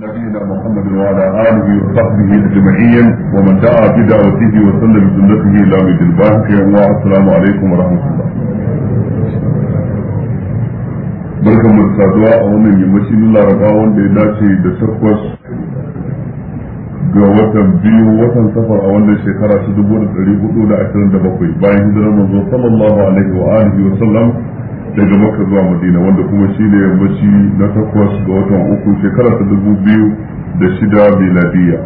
نبينا محمد وعلى اله وصحبه اجمعين ومن دعا بدعوته وسلم بسنته الى يوم الدين السلام عليكم ورحمه الله barkan mu saduwa a wannan yammaci na laraba wanda ya dace da takwas ga watan biyu watan safar a wannan shekara ta dubu da dari hudu da ashirin da bakwai bayan hijirar daga maka zuwa madina wanda kuma shi ne yammaci na takwas ga watan uku shekara ta dubu biyu da shida miladiya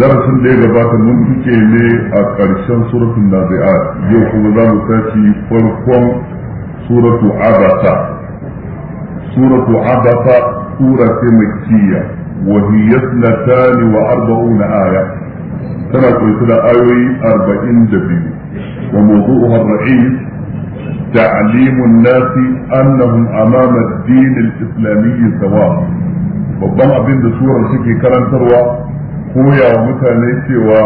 darasin da ya gabata mun ne a ƙarshen suratun nazi'a yau kuma za mu tashi farkon suratu abata suratu abata sura ce makkiya wa hiya tani wa arba'una aya tana kunshe da ayoyi arba'in da biyu wa rais تعليم الناس أنهم أمام الدين الإسلامي سواء babban abin da surar suke karantarwa koya wa mutane cewa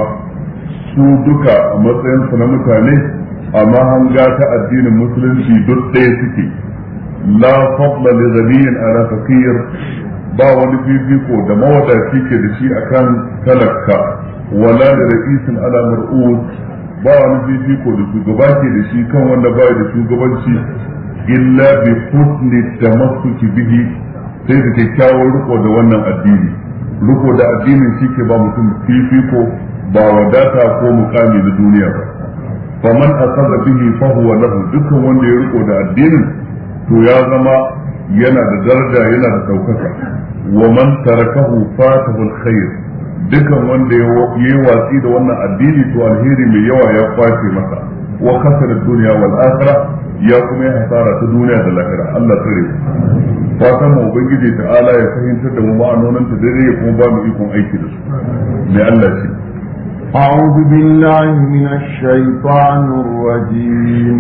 su duka a matsayinsu na mutane amma hanga ta addinin musulunci duk ɗaya suke la fadla li ghaniyin ala ba wani bibiko da mawadaci ke da shi akan talakka wala da ra'isin ala mar'ud ba wani ko da shugaba ke da shi kan wanda ba da shugabanci illa bi da tamassuki bihi sai da kyakkyawar riko da wannan addini riko da addinin shi ke ba mutum fifiko ba wadata ko mukami da duniya ba faman asaza bihi fa huwa lahu dukkan wanda ya riko da addinin to ya zama yana da daraja yana da daukaka wa man tarakahu fatahu alkhair dukan wanda ya yi watsi da wannan addini to alheri mai yawa ya kwace masa wa kasara duniya wal akhirah ya kuma yi hasara ta duniya da lahira Allah tsare fatan mu ubangiji ta'ala ya fahimtar da mu ma'anonin ta dare ya kuma ba mu ikon aiki da su Me Allah ce أعوذ بالله من الشيطان الرجيم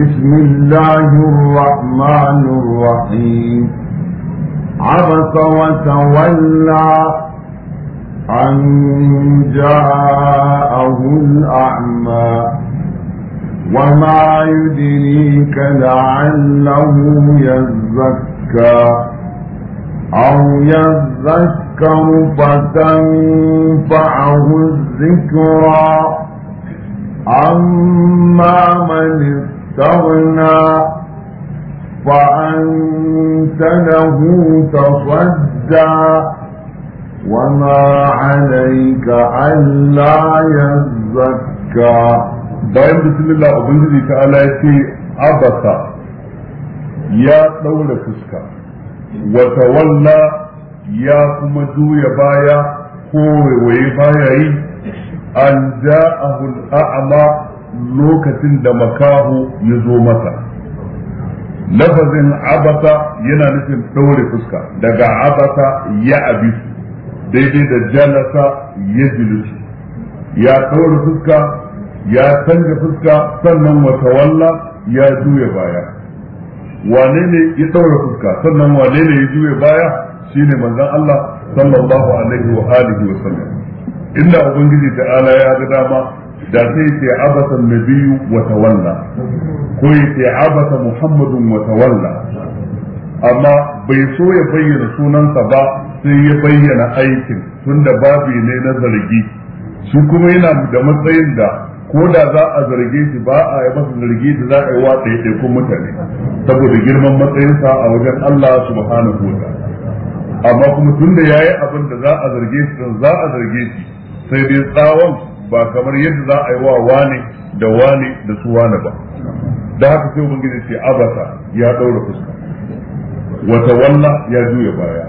بسم الله الرحمن الرحيم عبس وتولى أن جاءه الأعمى وما يدريك لعله يزكى أو يذكر فتنفعه الذكرى أما من استغنى فأنت له تصدى وما عليك ألا يزكى bayan bismillah ubangiji ta ala ce abasa ya ɗaure fuska wata walla ya kuma juya baya ko waiwaye baya yi an ja'ahu al'a'ma lokacin da makaho ya zo masa lafazin abasa yana nufin ɗaure fuska daga abasa ya abisu daidai da jalasa ya jilisu ya ɗaura fuska ya canza fuska sannan wata walla ya juya baya wane ne ya saura fuska sannan wane ne ya juya baya shine manzon Allah sallallahu alaihi wa alihi wa sallam inda ubangiji ta'ala ya ga dama da sai ce abasa nabiyyu wa tawalla ko ce abasa muhammadun wa tawalla amma bai so ya bayyana sunansa ba sai ya bayyana aikin tunda babu ne na zargi shi kuma yana da matsayin da ko da za a zarge shi ba a yi masa zargi da za a yi wa kun mutane saboda girman matsayinsa a wajen Allah subhanahu wa amma kuma tunda da yi abin da za a zarge shi don za a zarge shi sai dai tsawon ba kamar yadda za a yi wa wani da wani da su wani ba da haka sai ubangiji ce abasa ya ɗaura fuska wata walla ya juya baya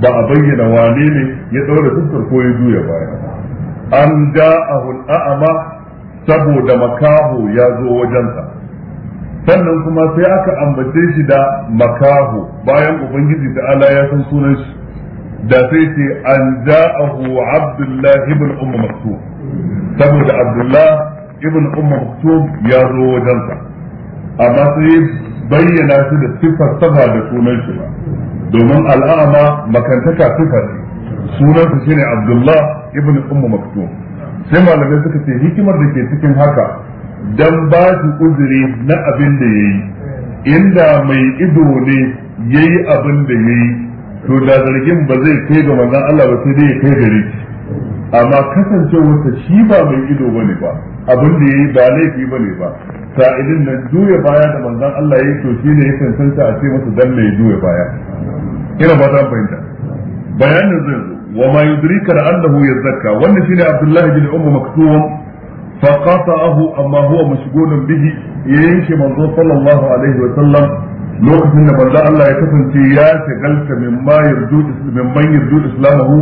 ba a bayyana wane ne ya ɗaura fuskar ko ya juya baya an a ma saboda makaho ya zo wajensa sannan kuma sai aka ambace shi da makaho bayan ubangiji ala ya san sunan shi da sai ce an ja'ahu abdullahi ibn umma maktub saboda abdullahi ibn umma maktub ya zo wajensa amma sai bayyana shi da siffar saba da sunan shi ba domin al'ama makantaka sifa ce sunan su shine Abdullah ibn ummu Maktum sai malamai suka ce hikimar da ke cikin haka dan ba shi uzuri na abin da yayi inda mai ido ne yayi abin da yayi to da zargin ba zai kai ga manzon Allah ba sai dai ya kai gare shi amma kasancewarsa shi ba mai ido bane ba abin da yayi ba laifi ne ba sa'idin nan juya baya da manzan Allah yayi to shine ya cancanta a ce masa dan mai juya baya ina ba ta fahimta bayanin zai zo wa ma yudrika annahu yazakka wannan shine Abdullahi bin Ummu Maktum fa qata'ahu amma huwa mashghulun bihi yayin shi manzo sallallahu alaihi wa sallam lokacin da manzo Allah ya kasance ya shagalta mimma min mimman yarju islamahu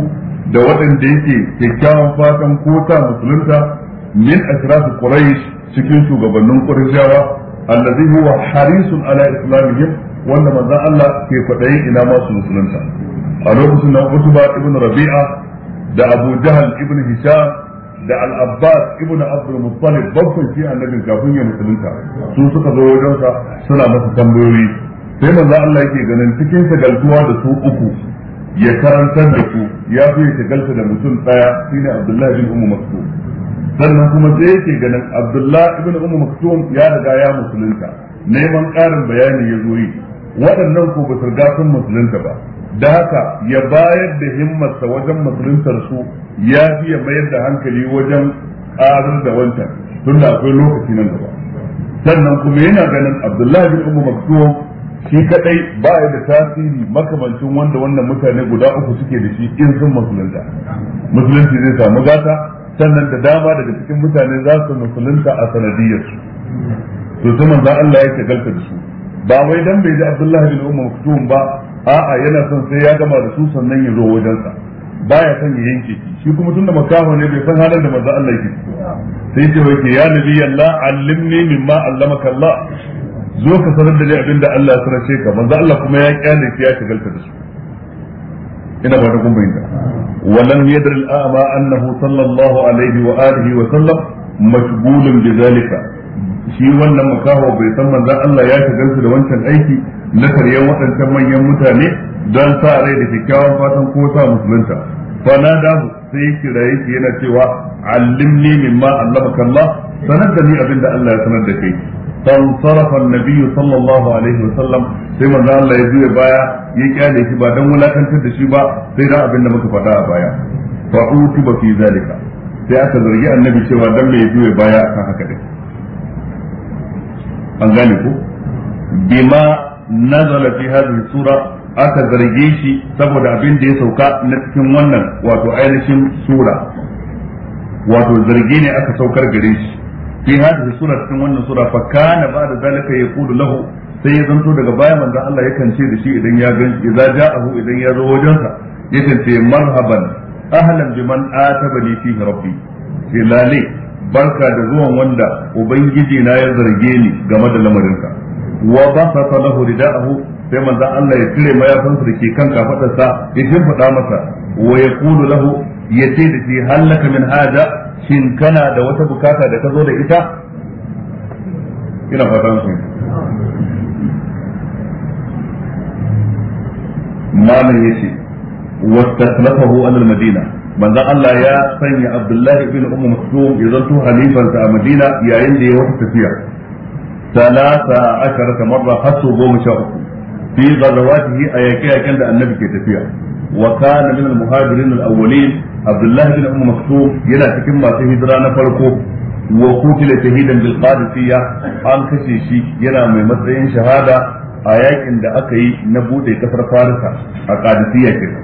da waɗanda yake kyakkyawan fatan ko ta musulunta min ashraf quraish cikin shugabannin qurayshawa allazi huwa harisun ala islamihim wanda manzon Allah ke kwadayin ina ma musulunta a lokacin da Utba ibn Rabi'a da Abu Jahl ibn Hisham da Al-Abbas ibn Abdul Muttalib babban shi annabin kafin ya musulunta su suka zo wajen sa suna masa tambayoyi sai manzon Allah yake ganin cikin shagaltuwa da su uku ya karantar da su ya fi shagalta da mutum ɗaya. shine Abdullah bin Ummu Maktum sannan kuma sai yake ganin abdullah ibn ummu maktum ya riga ya musulunta neman ƙarin bayani ya zo yi waɗannan ko ba su riga sun musulunta ba da haka ya bayar da himmarsa wajen musuluntar su ya fi ya mayar da hankali wajen ƙarar da wancan tunda akwai lokaci nan gaba sannan kuma yana ganin abdullah ibn ummu maktum shi kadai ba ya da tasiri makamancin wanda wannan mutane guda uku suke da shi in sun musulunta musulunci zai samu gata sannan da dama daga cikin mutane za su musulunta a sanadiyarsu to su manzo Allah ya shagalta da su ba wai dan bai ji Abdullahi bin Umar Maktum ba a'a yana son sai ya gama da su sannan ya zo wajensa baya son ya yanke shi kuma tunda makaho ne bai san halin da manzo Allah yake sai ce wai ya nabi Allah allimni mimma allamaka Allah zo ka sanar da ni abinda Allah ya sanace ka manzo Allah kuma ya kyale ya shagalta da su ina ba da kun bayyana walam yadri al-a'ma annahu sallallahu alaihi wa alihi wa sallam mashghulun bi zalika shi wannan makaho bai san manzon Allah ya shigar da wancan aiki na karyan waɗancan manyan mutane don sa rai da kyakkyawan fatan ko sa musulunta fana da sai kiraye shi yana cewa allimni mimma allamaka Allah sanar da ni abin da Allah ya sanar da kai فانصرف النبي صلى الله عليه وسلم sai manzo Allah ya zuwa baya ya kyale shi ba dan wulakantar da shi ba sai da abin da muka faɗa a baya fa ba fi zalika sai aka zargi annabi cewa dan me ya juya baya akan haka din an gane ko bima nazala fi hadhihi sura aka zarge shi saboda abin da ya sauka na cikin wannan wato ainihin sura wato zargi ne aka saukar gare shi fi hadhihi sura cikin wannan sura fa kana ba'da zalika yaqulu lahu sai ya zanto daga baya manzo Allah yakan ce da shi idan ya gan shi idza ja'ahu idan ya zo wajensa yakan ce marhaban ahlan biman atabani fihi rabbi filale barka da zuwan wanda ubangiji na ya zarge ni game da lamarinka wa basata lahu rida'ahu sai manzo Allah ya cire mayafansa da ke kan kafadarsa ya shimfida masa wa yaqulu lahu ya ce da shi hallaka min hada shin kana da wata bukata da ka zo da ita ina fatan su malam yace wastaklafahu an madina manzo Allah ya sanya Abdullahi ibn Ummu Maktum ya zanto halifarsa a Madina yayin da ya wata tafiya talata ashara kamar ba hasu goma sha uku fi ghazawatihi a yaƙe-yaƙen da annabi ke tafiya وكان من المهاجرين الاولين عبد الله بن ام مكتوم يلا تكن ما هجرة da وقتل شهيدا an kashe كشيشي يلا مي matsayin شهاده a yakin da aka yi na bude kasar farisa a qadisiyya kenan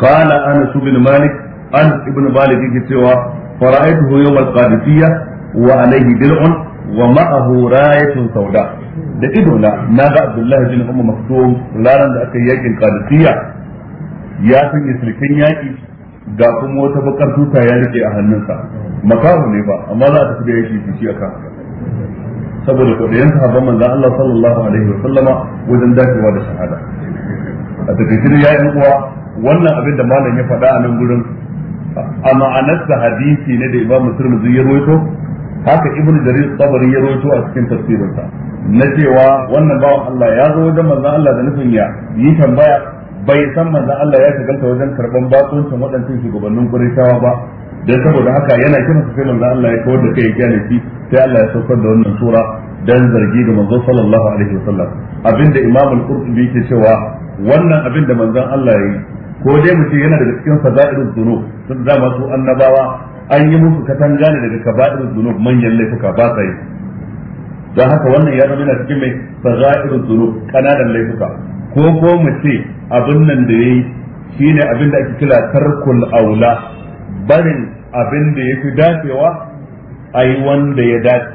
qala anas Subin malik anas ibn malik yake cewa fara'aytuhu yawm al-qadisiyya wa alayhi dir'un wa ma'ahu rayatun sawda' da ido na na ga Abdullahi bin Umar Maktum ranar da aka yi yakin Qadisiyya ya sanya silkin yaki ga kuma wata bakar tuta ya rike a hannunsa makahu ne ba amma za a tafi da yaki a akan saboda kwadayen sahabban manzon Allah sallallahu alaihi wa sallama wajen dakewa da shahada a tafi ya yayin uwa wannan abin da malam ya faɗa a nan gurin a da hadisi ne da Imam Muslim ya rawaito haka Ibn Jarir Tabari ya rawaito a cikin tafsirinsa na cewa wannan bawan Allah ya zo wajen manzon Allah da nufin ya yi tambaya bai san manzon Allah ya shagalta wajen karban bakuncin waɗancan shugabannin Qurayshawa ba dan saboda haka yana kira su sai manzon Allah ya kawar da kai ya shi sai Allah ya saukar da wannan sura dan zargi ga manzon sallallahu alaihi wasallam abinda Imam al-Qurtubi ke cewa wannan abinda manzon Allah ya yi ko dai mu ce yana daga cikin fadailul dhunub sun da masu annabawa an yi musu katanga ne daga kaba'irul dhunub manyan laifuka ba sai don haka wannan ya zama cikin mai sagha'irul dhunub kananan laifuka ko ko mu ce abin nan da yayi shine abin da ake kira tarkul aula barin abin da fi dacewa ai wanda ya dace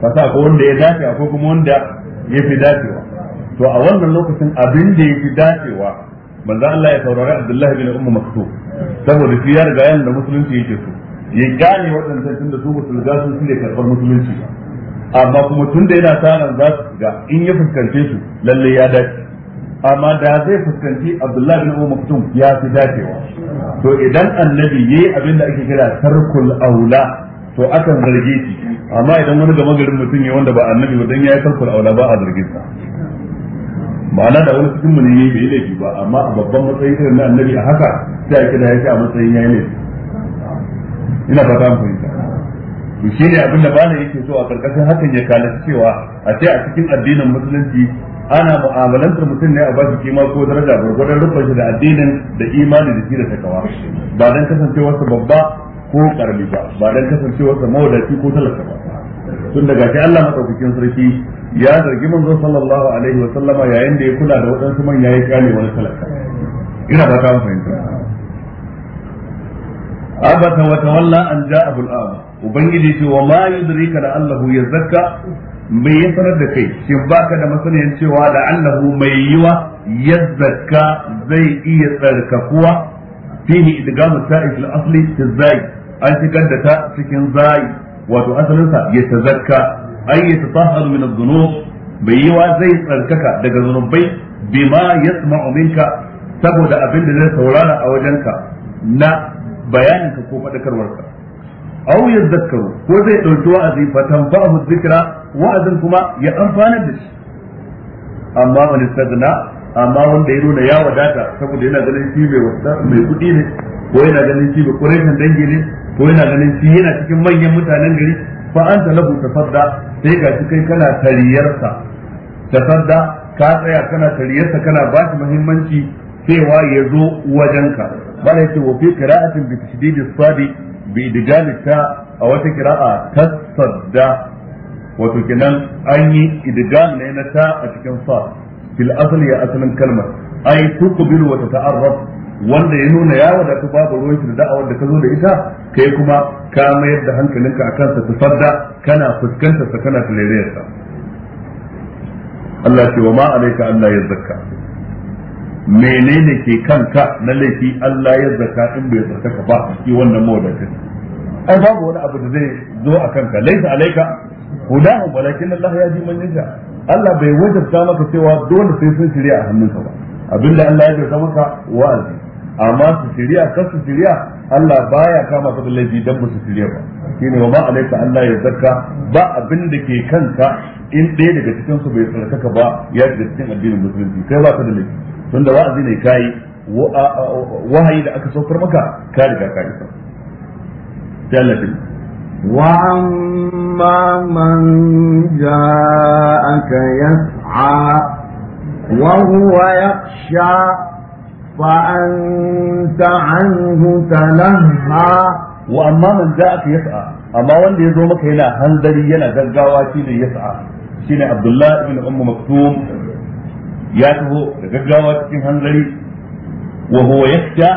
sa ko wanda ya dace ko kuma wanda ya fi dacewa to a wannan lokacin abin da fi dacewa manzo Allah ya saurari Abdullahi bin Ummu Maktum saboda shi ya riga yana da musulunci yake so ya gane waɗannan tunda su musulunci su ne karɓar musulunci amma kuma tun da yana taran za su shiga in ya fuskance su lalle ya dace amma da zai fuskanci Abdullahi bin Umar mutum ya fi dacewa to idan annabi yi abin da ake kira tarkul aula to akan zarge shi amma idan wani gama garin mutum ya wanda ba annabi ba dan yi tarkul aula ba a zarge sa ma'ana da wani cikin mu ne yi bai laifi ba amma a babban matsayin irin na annabi a haka sai a kira ce a matsayin ya yi laifi ina fata an fahimta to ne abin da bana yake so a karkashin hakan ya kalaci cewa a ce a cikin addinin musulunci ana mu'amalantar mutum ne a bashi kima ko daraja gurgurdan rufin shi da addinin da imani da shi da takawa ba dan kasancewarsa babba ko karami ba ba dan kasancewarsa mawadaci ko talaka ba tun daga shi Allah madaukakin sarki ya zargi manzo sallallahu alaihi wa sallama yayin da ya kula da waɗansu manya ya kyale wani talaka ina ba ta fahimta abata wa tawalla an ja'a bil ubangiji ce wa ma yudrika la allahu yazakka mai ya sanar da kai shin baka da masaniyan cewa da allahu mai yiwa yazakka zai iya tsarkakuwa fihi idgamu ta'if al-asli fi an shigar da ta cikin zai wato asalin sa ya tazakka ay yatatahharu min adh-dhunub mai yiwa zai tsarkaka daga zunubai bima yasma'u minka saboda abin da zai saurara a wajenka na bayaninka ko faɗakarwarka aw yadhakkaru ko zai dauki wa'azi fa tanfa'u dhikra wa'azin kuma ya amfana da shi amma wani sagna amma wanda ya nuna ya wadata saboda yana ganin shi mai wasa mai kudi ne ko yana ganin shi mai kurashin dangi ne ko yana ganin shi yana cikin manyan mutanen gari fa anta lahu tafadda sai ga shi kai kana tariyarsa tafadda ka tsaya kana tariyarsa kana ba shi muhimmanci cewa ya zo wajenka bala yace wa fi qira'atin bi tashdidi sadi bi digalita a wata kira'a tasadda wato kenan an yi idgal ne na ta a cikin sa fil asali ya asalin kalmar ai tuqbilu wa tata'arraf wanda ya nuna ya wadatu babu ruwan shi da da'awar da ka zo da ita kai kuma ka mayar da hankalinka akan sa tasadda kana fuskantar sa kana tilayyar Allah ce wa ma alayka Allah ya zakka menene ke kanka na laifi Allah ya zaka in bai zartaka ba shi wannan mawadata ai babu wani abu da zai zo a kanka laisa alaika hudahu walakin Allah ya ji man yasha Allah bai wajabta maka cewa dole sai sun shirya a hannunka ba abinda Allah ya jauta maka wa'azi amma su shirya kar su shirya Allah baya kama ka da laifi dan ba su shirya ba shine wa ma alaika Allah ya zakka ba abin da ke kanka in ɗaya daga cikin su bai tsarkaka ba ya daga cikin addinin musulunci kai ba ka da laifi tunda wa'azi ne kai wahayi da aka saukar maka ka riga ka isa jallabi wa amma man ja'aka yas'a wa huwa yakhsha fa'anta anhu talaha wa amma man ja'aka yas'a amma wanda ya zo maka yana hanzari yana gaggawa shine yas'a shine abdullahi ibn ummu ya taho da gaggawa cikin hanzari wa huwa yakhsha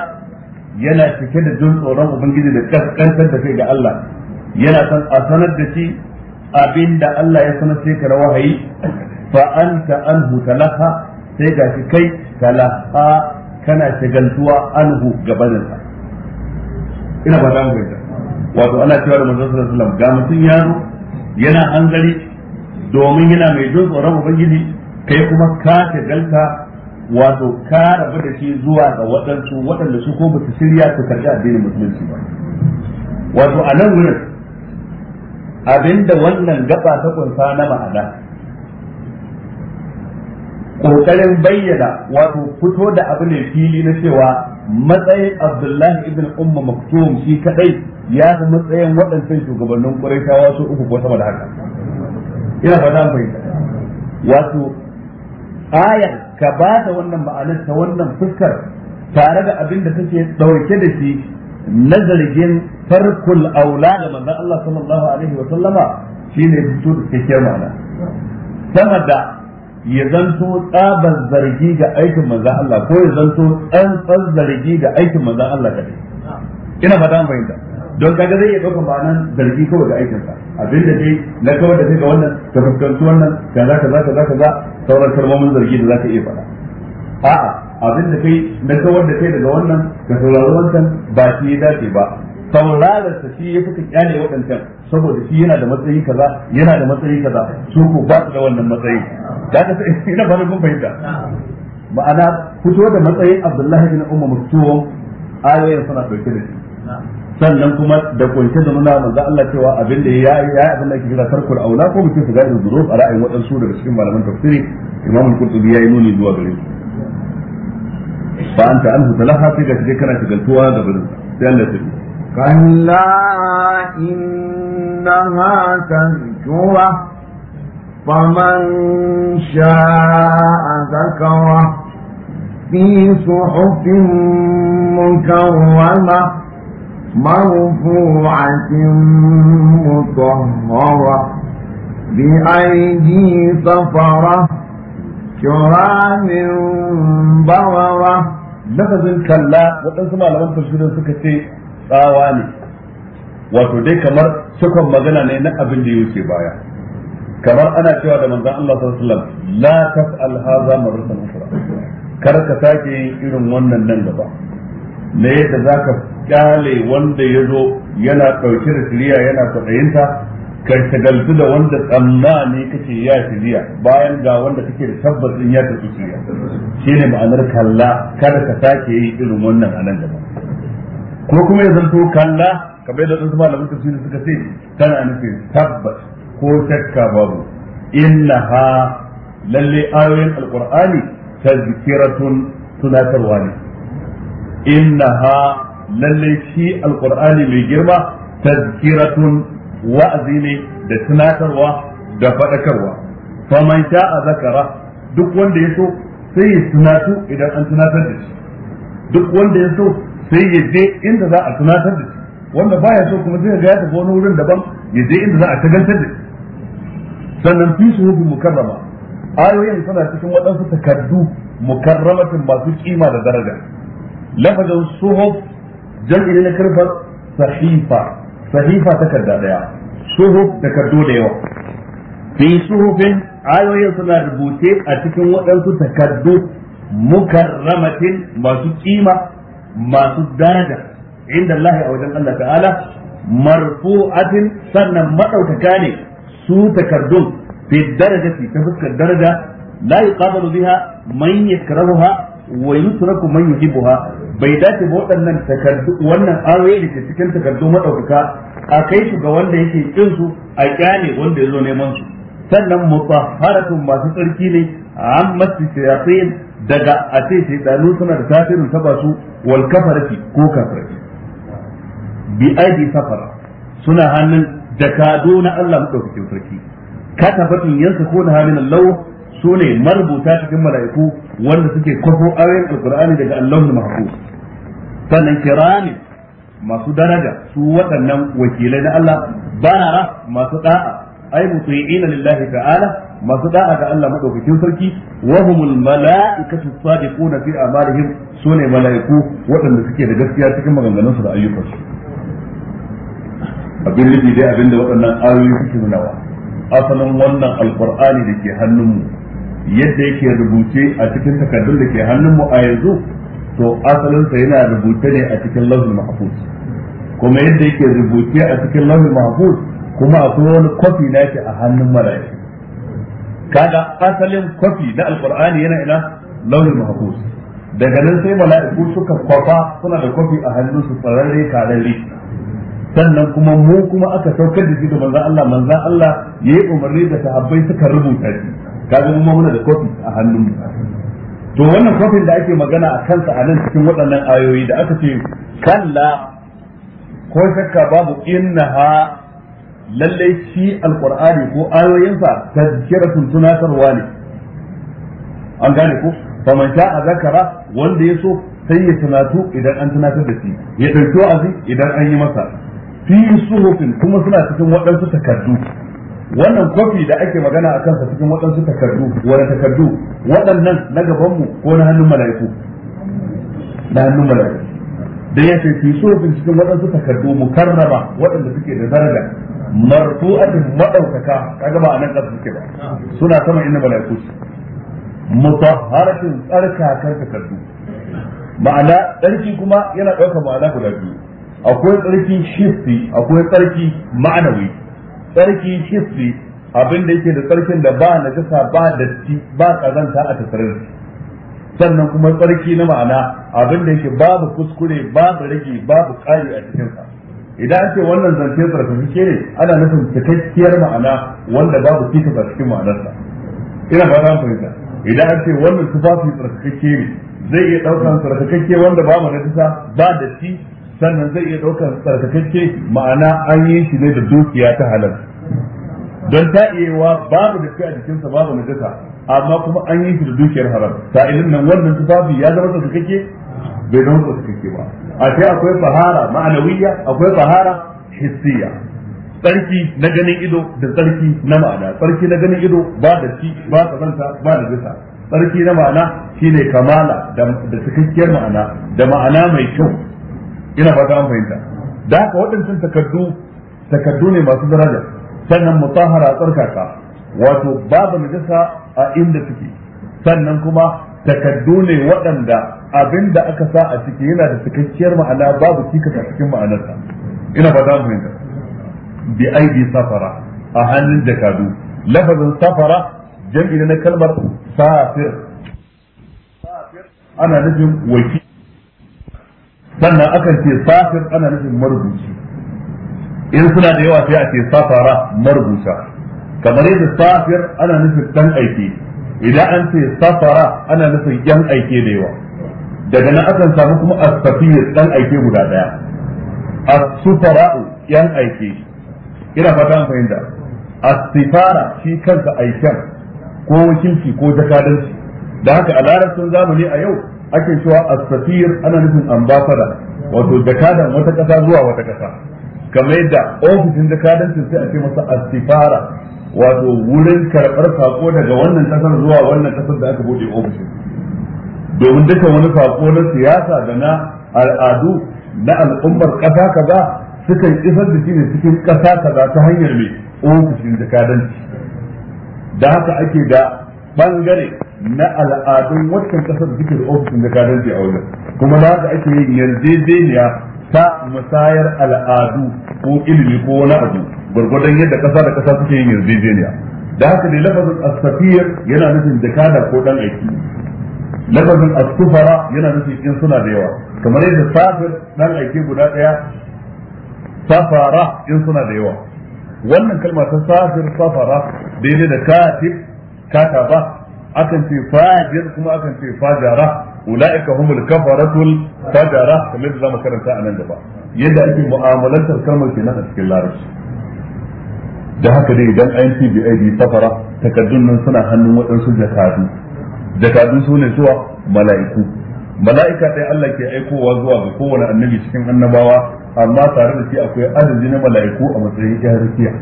yana cike da jin tsoron ubangiji da kaskantar da kai ga Allah yana san a sanar da shi abinda Allah ya sanar sai ka wahayi fa anta anhu talaha sai ga shi kai talaha kana shagaltuwa anhu gabaninsa ina ba za mu fahimta wato ana cewa da manzon sallallahu alaihi wasallam ga mutun yaro yana hanzari domin yana mai jin tsoron ubangiji kai kuma ka tagalta wato ka rabu da shi zuwa ga waɗansu waɗanda su ko basu shirya su karɓi addinin musulunci ba wato a nan wurin abinda wannan gaba ta kunsa na ma'ana ƙoƙarin bayyana wato fito da abu ne fili na cewa matsayin abdullahi ibn umma maktum shi kadai ya fi matsayin waɗancan shugabannin ƙuraitawa su uku ko sama da haka ina fata fahimta wato ayar ka ba ta wannan ma'anar ta wannan fuskar tare da abin da take dauke da shi na zargin farkul aula da manzon Allah sallallahu alaihi wa sallama shine fito da cikakkiyar ma'ana sama da ya zanto tsabar zargi ga aikin manzon Allah ko ya zanto tsantsan zargi ga aikin manzon Allah kadai ina fata mun fahimta don kaga zai iya ɗauka nan zargi kawai ga aikinsa abinda dai na kawai da kai ga wannan ta fuskanci wannan za ta za kaza za sauran kalmomin zargi da za ka iya faɗa a'a abin da kai na kawar da kai daga wannan ka saurari wancan ba shi ya dace ba sauraron sa shi ya fi kyale waɗancan saboda shi yana da matsayi kaza yana da matsayi kaza su ku ba su da wannan matsayi da ka sai ina ba kun fahimta ma'ana fito da matsayin Abdullahi bin Umar mutuwa ayoyin suna dauke da shi sannan kuma da kunshe da nuna manzo Allah cewa abin da ya yi abin da ake kira tarkul aula ko mutum su ga irin zuruf a ra'ayin waɗansu daga cikin malaman tafsiri Imam Al-Qurtubi yi nuni zuwa gare shi fa anta anhu talaha sai ga kike kana shigaltuwa da gurin sai Allah ya kalla innaha tazkuwa faman sha'a zakara fi suhufin mukarramah مرفوعة مطهرة بأيدي سفرة كرام بررة lafazin kalla waɗansu malaman tafsirin suka ce tsawa ne wato dai kamar cikon magana ne na abin da yake baya kamar ana cewa da manzon Allah sallallahu alaihi wasallam la tas'al hadha marratan ukhra kar ka sake yin irin wannan nan gaba na yadda zaka kyale wanda ya zo yana ɗauke da shirya yana tsadayinta ka shagaltu da wanda tsammani kake ya shirya bayan ga wanda kake da tabbacin ya tafi shirya shine ma'anar kalla kada ka sake yi irin wannan a nan gaba ko kuma ya zanto kalla bai da wasu malaman tafsiri suka ce tana nufin tabbas ko shakka babu Inna ha lalle ayoyin ta zikiratun tunatarwa ne Inna ha! Lallai shi alqur'ani mai girma tazkiratun wa'azi ne da tunatarwa da fadakarwa faman sha'a zakara duk wanda ya so sai ya tunatu idan an tunatar da shi duk wanda ya so sai ya je inda za a tunatar da shi wanda baya so kuma zai ga ya tafi wani wurin daban ya je inda za a tagantar da shi sannan fi shuhubin mukarrama ayoyin suna cikin waɗansu takardu mukarramatin masu kima da daraja lafazin suhub jam'i na karfar sahifa sahifa takarda daya suhuf takardu da yawa fi suhufin ayoyin suna rubuce a cikin waɗansu takardu mukarramatin masu kima masu daraja inda Allah a wajen Allah ta'ala marfu'atin sannan madaukaka ne su takardun fi ta fuskar daraja la yuqabalu biha man yakrahuha wa yutraku man yuhibbuha bai dace ba waɗannan takardu wannan ayoyi da ke cikin takardu madaukaka a kai su ga wanda yake kin su a kyale wanda ya zo neman su sannan mutahharatun masu tsarki ne an masu shayatin daga a ce shaidanu suna da tasirin ta su wal kafarati ko kafarati bi aidi safara suna hannun jakadu na Allah madaukakin sarki katabatin yansa ko na halin lau. su ne marubuta cikin mala'iku wanda suke kwafo ayoyin alkur'ani daga allahul mahfuz sannan kirani masu daraja su waɗannan wakilai na Allah bara masu da'a ai muti'ina lillahi ta'ala masu da'a ga Allah madaukakin sarki wa humul mala'ikatu sadiquna fi amalihim sune mala'iku waɗanda suke da gaskiya cikin maganganunsu da ayyukansu abin nufi dai abin da waɗannan ayoyi suke nunawa asalin wannan alqur'ani da ke hannunmu yadda yake rubuce a cikin takardun da ke hannun mu a yanzu to asalinsa yana rubuce ne a cikin lauhul mahfuz kuma yadda yake rubuce a cikin lauhul mahfuz kuma akwai wani kwafi na shi a hannun mala'iku kaga asalin kwafi na alqur'ani yana ina lauhul mahfuz daga nan sai mala'iku suka kwafa suna da kwafi a hannun su tsararre kararre sannan kuma mu kuma aka saukar da shi da manzon Allah manzon Allah yayi umarni da sahabbai suka rubuta shi kaga mu muna da kofi a hannun mu to wannan kofin da ake magana a kansa a nan cikin waɗannan ayoyi da aka ce kalla ko shakka babu innaha lallai shi alqur'ani ko ayoyinsa tazkiratun tunatarwa ne an gane ko faman sha'a zakara wanda ya so sai ya tunatu idan an tunatar da shi ya ɗauki wa'azi idan an yi masa fi suhufin kuma suna cikin waɗansu takardu wannan kofi da ake magana a kansa cikin waɗansu takardu wani takardu waɗannan na gabanmu ko na hannun mala'iku na hannun mala'iku dan ya ce fi surufin cikin waɗansu takardu mukarrama waɗanda suke da daraja marfu'atin madaukaka kaga ba anan kasu suke ba suna sama inda mala'iku su mutahharatin kan takardu ma'ana tsarki kuma yana ɗaukar ma'ana guda biyu akwai tsarki shifti akwai tsarki ma'anawi tsarki hisbi abin da yake da tsarkin da ba na jisa ba datti ba kazanta a tasirin sannan kuma tsarki na ma'ana abin da yake babu kuskure babu rage babu kayu a cikinsa idan ake wannan zance tsarkakake ne ana nufin cikakkiyar ma'ana wanda babu kitas a cikin ma'anarsa ina ba zan fahimta idan ake wannan tufafi tsarkakake ne zai iya ɗaukan tsarkakakke wanda babu najisa ba datti sannan zai iya ɗaukar tsarkakakke ma'ana an yi shi ne da dukiya ta halal don ta babu da a jikinsa babu najasa amma kuma an yi shi da dukiyar haram sa'ilin nan wannan babu ya zama tsarkakacce bai zama ke ba a sai akwai fahara ma'anawiyya akwai fahara hissiya tsarki na ganin ido da tsarki na ma'ana tsarki na ganin ido ba da shi ba zanta ba da gisa tsarki na ma'ana shine kamala da cikakkiyar ma'ana da ma'ana mai kyau ina fata an fahimta da haka waɗancan takardu takardu ne masu daraja sannan mutahara a tsarkaka wato babu najasa a inda suke sannan kuma takardu ne waɗanda abin da aka sa a ciki yana da cikakkiyar ma'ana babu kika a cikin ma'anarsa ina fata an fahimta bi aidi safara a hannun jakadu lafazin safara jam'i na kalmar safir ana nufin wakil sannan akan ce safir ana nufin marubuci in suna da yawa sai a ce safara marubuta kamar yadda safir ana nufin dan aiki idan an ce safara ana nufin yan aike da yawa daga nan akan samu kuma as dan aike guda daya as yan aike ina fata an fahimta asifara shi kansa aiken ko wakilci ko jakadanci da haka a larabcin zamani a yau ake cewa a safir ana nufin ambassador wato jakadan wata kasa zuwa wata kasa kamar yadda ofishin jakadancin sai a ce masa as wato wurin karɓar saƙo daga wannan kasar zuwa wannan kasar da aka bude ofishin domin duka wani saƙo na siyasa da na al'adu na al'ummar kasa kaza sukan isar da shi ne cikin kasa kaza ta hanyar mai ofishin jakadanci da haka ake da bangare na al'adun waccan kasar da suke da ofishin da a wajen kuma da haka ake yin yarjejeniya ta musayar al'adu ko ilimi ko wani abu gwargwadon yadda kasa da kasa suke yin yarjejeniya da haka ne lafazin asafiyar yana nufin jakada ko dan aiki lafazin asufara yana nufin in suna da yawa kamar yadda safir dan aiki guda daya safara in suna da yawa wannan kalma ta safir safara daidai da katib kataba akan ce fajir kuma akan ce fajara ulaika humul kafaratul fajara kamar da zamu karanta a nan gaba yadda ake mu'amalantar kalmar kenan a cikin larabci da haka dai idan an ci bi aidi safara takaddun nan suna hannun waɗansu jakadu jakadu su ne zuwa mala'iku mala'ika ɗaya Allah ke aikowa zuwa ga kowane annabi cikin annabawa amma tare da shi akwai adadi na mala'iku a matsayin ƴan rikiya.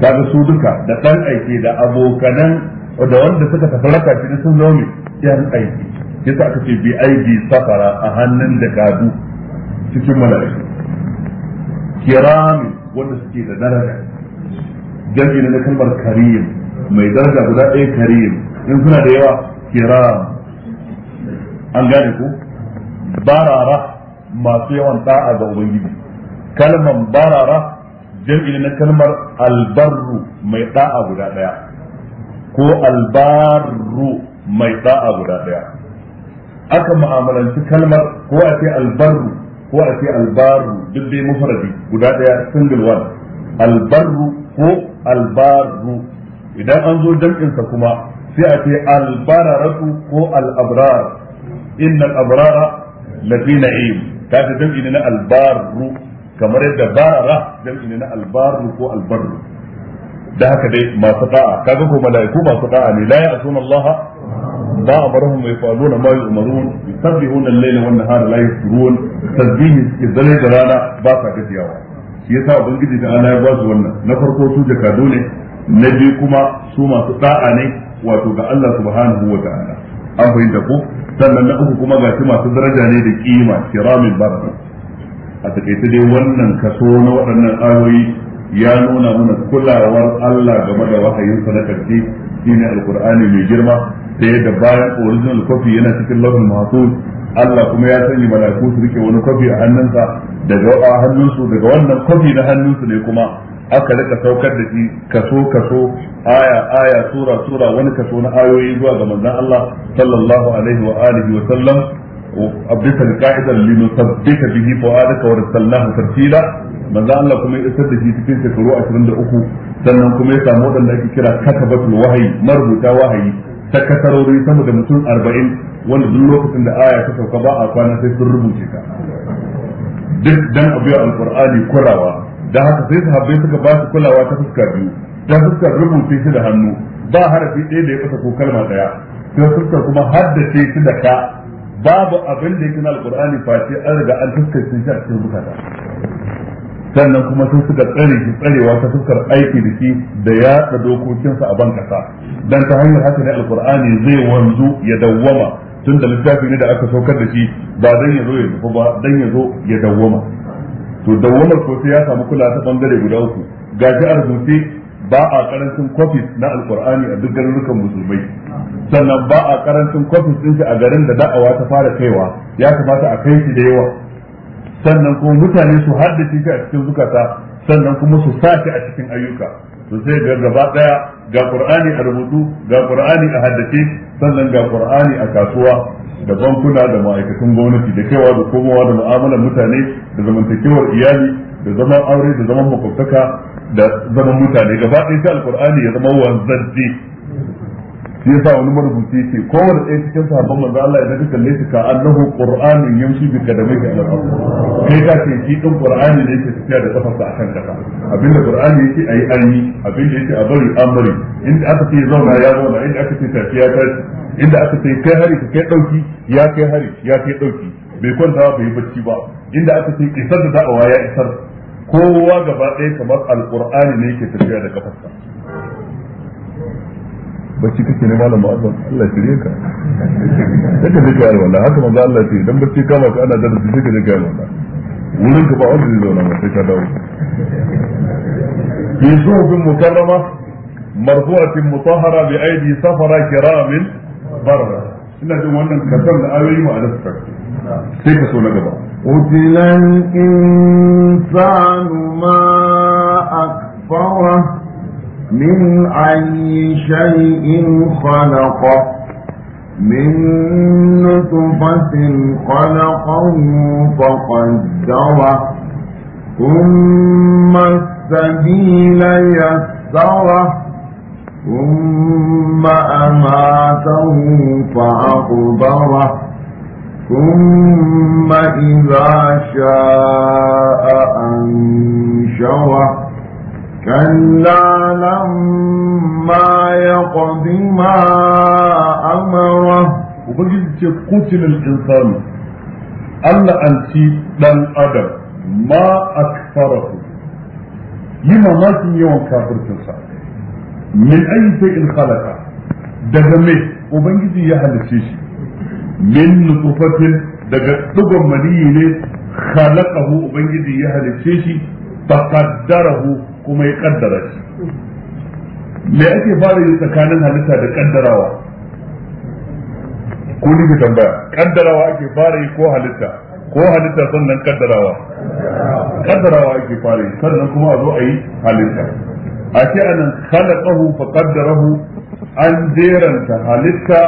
kaga su duka da ɗan aike da abokanan da wanda suka tafi raka shi sun zo ne yan aiki sa aka ce bi aiki safara a hannun da gadu cikin mala'iku kirami wanda suke da daraja jami na kalmar karim mai daraja guda ɗaya karim in suna da yawa kiram an gane ku barara masu yawan da'a ga ubangiji kalmar barara jami'i na kalmar albarru mai da'a guda ɗaya ko albaru mai da'a guda daya aka mu'amalanci kalmar ko a ce albarru ko a ce albarru duk dai mufradi guda daya single one albarru ko albaru idan an zo jam'insa kuma sai a ce albararatu ko al'abrar innal abrara lafi na'im kaga jam'i na albaru kamar yadda barara jam'i na albaru ko albarru da haka dai masu da'a kaga ko mala'iku masu da'a ne la ya'suna Allah ba amarhum wa yafaluna ma yu'marun yusabbihuna al-layla wan nahara la yasrun tasbihi izzalai da rana ba sa gajiyawa shi yasa ubangiji da Allah ya ba su wannan na farko su jakadu ne na biyu kuma su masu da'a ne wato ga Allah subhanahu wa ta'ala an fahimta ko sannan na uku kuma gashi masu daraja ne da kima kiramin baraka a takaice dai wannan kaso na waɗannan ayoyi ya nuna mana kulawar Allah game da wahayinsa na karshe shine alqur'ani mai girma da yadda bayan original copy yana cikin lawhul masu Allah kuma ya sanya malaku su rike wani copy a hannunsa daga hannunsu daga wannan copy na hannunsu ne kuma aka rika saukar da shi kaso kaso aya aya sura sura wani kaso na ayoyi zuwa ga manzon Allah sallallahu alaihi wa alihi wa sallam bisa ga ka'idar linusabbita bihi fuadaka wa manzo Allah kuma ya isar da shi cikin shekaru 23 sannan kuma ya samu wadanda ake kira katabatul wahayi marubuta wahayi ta kasarori sama da mutum 40 wanda duk lokacin da aya ta sauka ba a kwana sai sun rubuce ta duk dan abiya alqur'ani kulawa da haka sai sahabbai suka ba su kulawa ta fuska biyu ta fuskar rubuce shi da hannu ba harafi ɗaya da ya fasa ko kalma ɗaya sai fuskar kuma haddace shi da ka babu abin da yake na alqur'ani face an riga an fuskar shi a cikin zukata sannan kuma sun suka tsare shi tsarewa ta fuskar aiki da shi da yaɗa dokokinsa a ban kasa dan ta hanyar haka ne alkur'ani zai wanzu ya dawwama tun da littafi ne da aka saukar da shi ba dan ya ya tafi ba dan ya zo ya dawwama to dawwamar ko sai ya samu kula ta bangare guda uku gashi a rubuce ba a karancin kofis na alkur'ani a duk garurukan musulmai sannan ba a karancin kofis din shi a garin da da'awa ta fara kaiwa ya kamata a kai shi da yawa sannan kuma mutane su haddace shi a cikin zukata sannan kuma su sa shi a cikin ayyuka to sai ga gaba daya ga qur'ani a rubutu ga qur'ani a haddace sannan ga qur'ani a kasuwa da bankuna da ma'aikatan gwamnati da kaiwa da komowa da mu'amalar mutane da zamantakewar iyali da zaman aure da zaman makwabtaka da zaman mutane gaba ɗaya sai alqur'ani ya zama wanzanci shi yasa wani marubuci yake kowanne ɗaya cikin sahabban manzo Allah idan ka kalle shi ka annahu qur'anun yamshi bi qadamihi ala al-ard kai ka ce shi din qur'ani ne yake tafiya da kafarsa akan kasa abinda qur'ani yake ayi ayi abinda yake a bari amri inda aka ce zauna ya zauna inda aka ce tafi ya tafi inda aka ce kai hari ka kai dauki ya kai hari ya kai dauki bai kwanta bai bacci ba inda aka ce isar da da'awa ya isar kowa gaba ɗaya kamar alqur'ani ne yake tafiya da kafarsa bacci kake ne malam ma'azan Allah shirye ka sai ka je ka haka manzo Allah ce dan bacci kama ka ana darasi sai ka je ka wurin ka ba wanda zai zauna ba sai ka dawo yanzu bin mukarrama marfu'atin mutahhara bi aidi safara kiramin barra ina jin wannan kasan da ayoyi ma'anar sa sai ka so na gaba قتل الإنسان ما أكفره من أي شيء خلقه من نطفة خلقه فقدره ثم السبيل يسره ثم أماته فأقبره ثم إذا شاء أنشره كلا لما يقض ما أمره وبجد قتل الإنسان ألا أنت دان أدم ما أكثره لما ما يوم كافر تنسى من أي شيء خلقه دغمه وبنجد يهل الشيشي من نطفة daga dugon maniyi ne khalaqahu ubangiji ya halicce shi faqaddarahu kuma ya kaddara shi me ake fara yi tsakanin halitta da kaddarawa ko ni ka tambaya kaddarawa ake fara yi ko halitta ko halitta sannan kaddarawa kaddarawa ake fara yi sannan kuma a zo a yi halitta a ce anan khalaqahu fa qaddarahu an jeranta halitta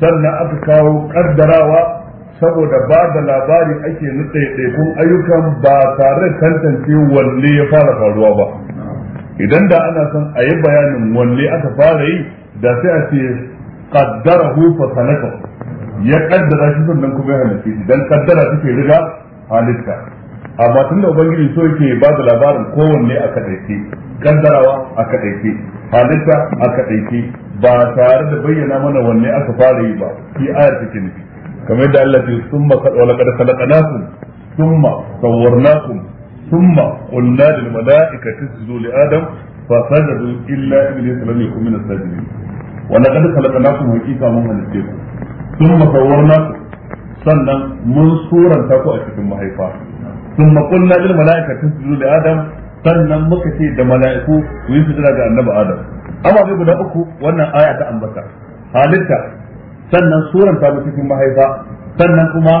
sannan aka kawo kaddarawa saboda ba da labari ake na ɗaiɗaikun ayyukan ba tare tantance walle ya fara faruwa ba idan da ana son a yi bayanin walle aka fara yi da sai a ce kaddara hufa sanaka ya kaddara shi nan kuma ya halitta shi kaddara take riga halitta amma da ubangiji so yake ba da labarin kowanne a kadaice kaddarawa a kadaice halitta a kadaice ba tare da bayyana mana wanne aka fara yi ba shi ayar take nufi kamar yadda Allah ke summa walaqad khalaqnakum summa sawwarnakum summa qulna lil malaikati isjudu li adam fasajadu illa iblis lam yakun min as-sajidin walaqad khalaqnakum hakika mun halitte ku summa sawwarnakum sannan mun suranta ku a cikin mahaifa summa qulna lil malaikati isjudu li adam sannan muka ce da mala'iku ku yi sujada ga annabi adam amma bai guda uku wannan aya ta ambata halitta sannan suran ta bi cikin mahaifa sannan kuma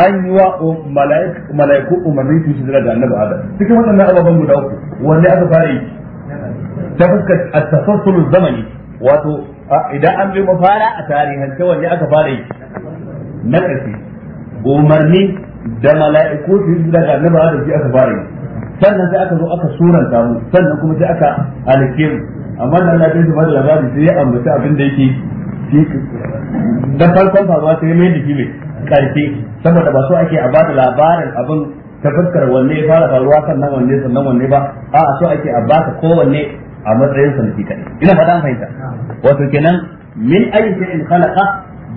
an yi wa um, mala'iku umarni su shi da annabi adam cikin waɗannan ababen guda uku wanne aka fara yi ta fuskar a tafassul zamani wato idan an bi mafara a tarihance wanne aka fara yi na ƙarfi umarni da mala'iku su yi da annabi adam shi aka fara yi sannan sai aka zo aka suranta mu sannan kuma sai aka halice mu amma da Allah ya ba da labari sai ya ambaci abin da yake da farkon faruwa sai mai jiki mai karfi saboda ba so ake a ba da labarin abin ta fuskar wanne ya fara faruwa sannan wanne sannan wanne ba a so ake a ba ta kowanne a matsayin sa nake kaɗai. ina fata fahimta wato kenan min ayi in khalaqa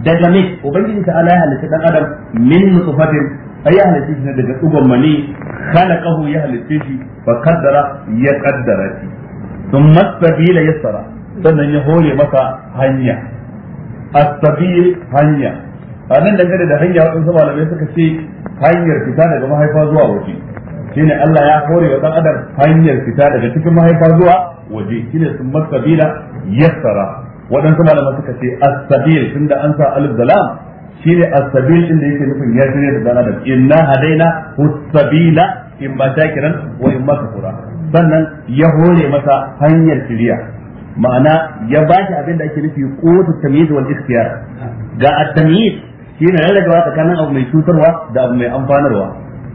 daga me ubangiji ta ala ya halitta dan adam min nutfatin ayi halitta shi daga dubon mani khalaqahu ya halitta shi fa qaddara ya qaddara shi thumma sabila yassara sannan ya hore masa hanya as hanya a nan dangane da hanya wasu malamai suka ce hanyar fita daga mahaifa zuwa waje shine Allah ya hore wa dan adam hanyar fita daga cikin mahaifa zuwa waje shine sun masabila yassara Waɗansu malamai suka ce as tunda an sa alif da shine as din da yake nufin ya shirya da dan adam inna hadaina hus in ma shakiran wa in ma sannan ya hore masa hanyar shiriya ma'ana ya ba shi abin da ake nufi ko tamiz wal ikhtiyar ga at-tamyiz shine rarrabewa tsakanin abu mai cutarwa da abu mai amfanarwa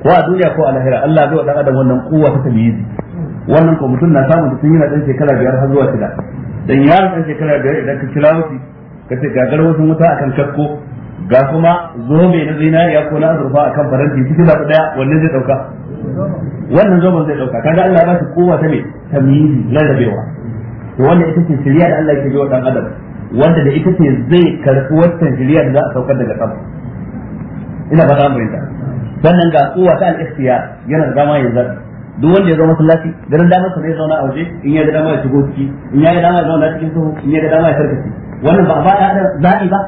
ko a duniya ko a lahira Allah zai wa dan adam wannan kowa ta tamyizi wannan ko mutum na samun tun yana dan shekara biyar har zuwa shida dan yaro dan shekara biyar idan ka kira shi ka ce ga sun wuta akan kakko ga kuma zobe na zinariya ko na azurfa akan faranti cikin zaɓi daya wannan zai dauka wannan zoben zai dauka kaga Allah ba shi kowa ta me tamyizi rarrabewa to wannan ita ce shari'a da Allah ke biyo wa dan adam wanda da ita ce zai karɓi wannan shari'a da za a saukar daga sama ina ba za mu sannan ga kuwa ta al-ikhtiyar yana da dama ya zaɓi duk wanda ya zo masallaci garin damar sa zai zauna a waje in ya ga dama ya shigo ciki in ya ga dama ya zauna cikin sahu in ya ga dama ya karkace wannan ba ba da zabi ba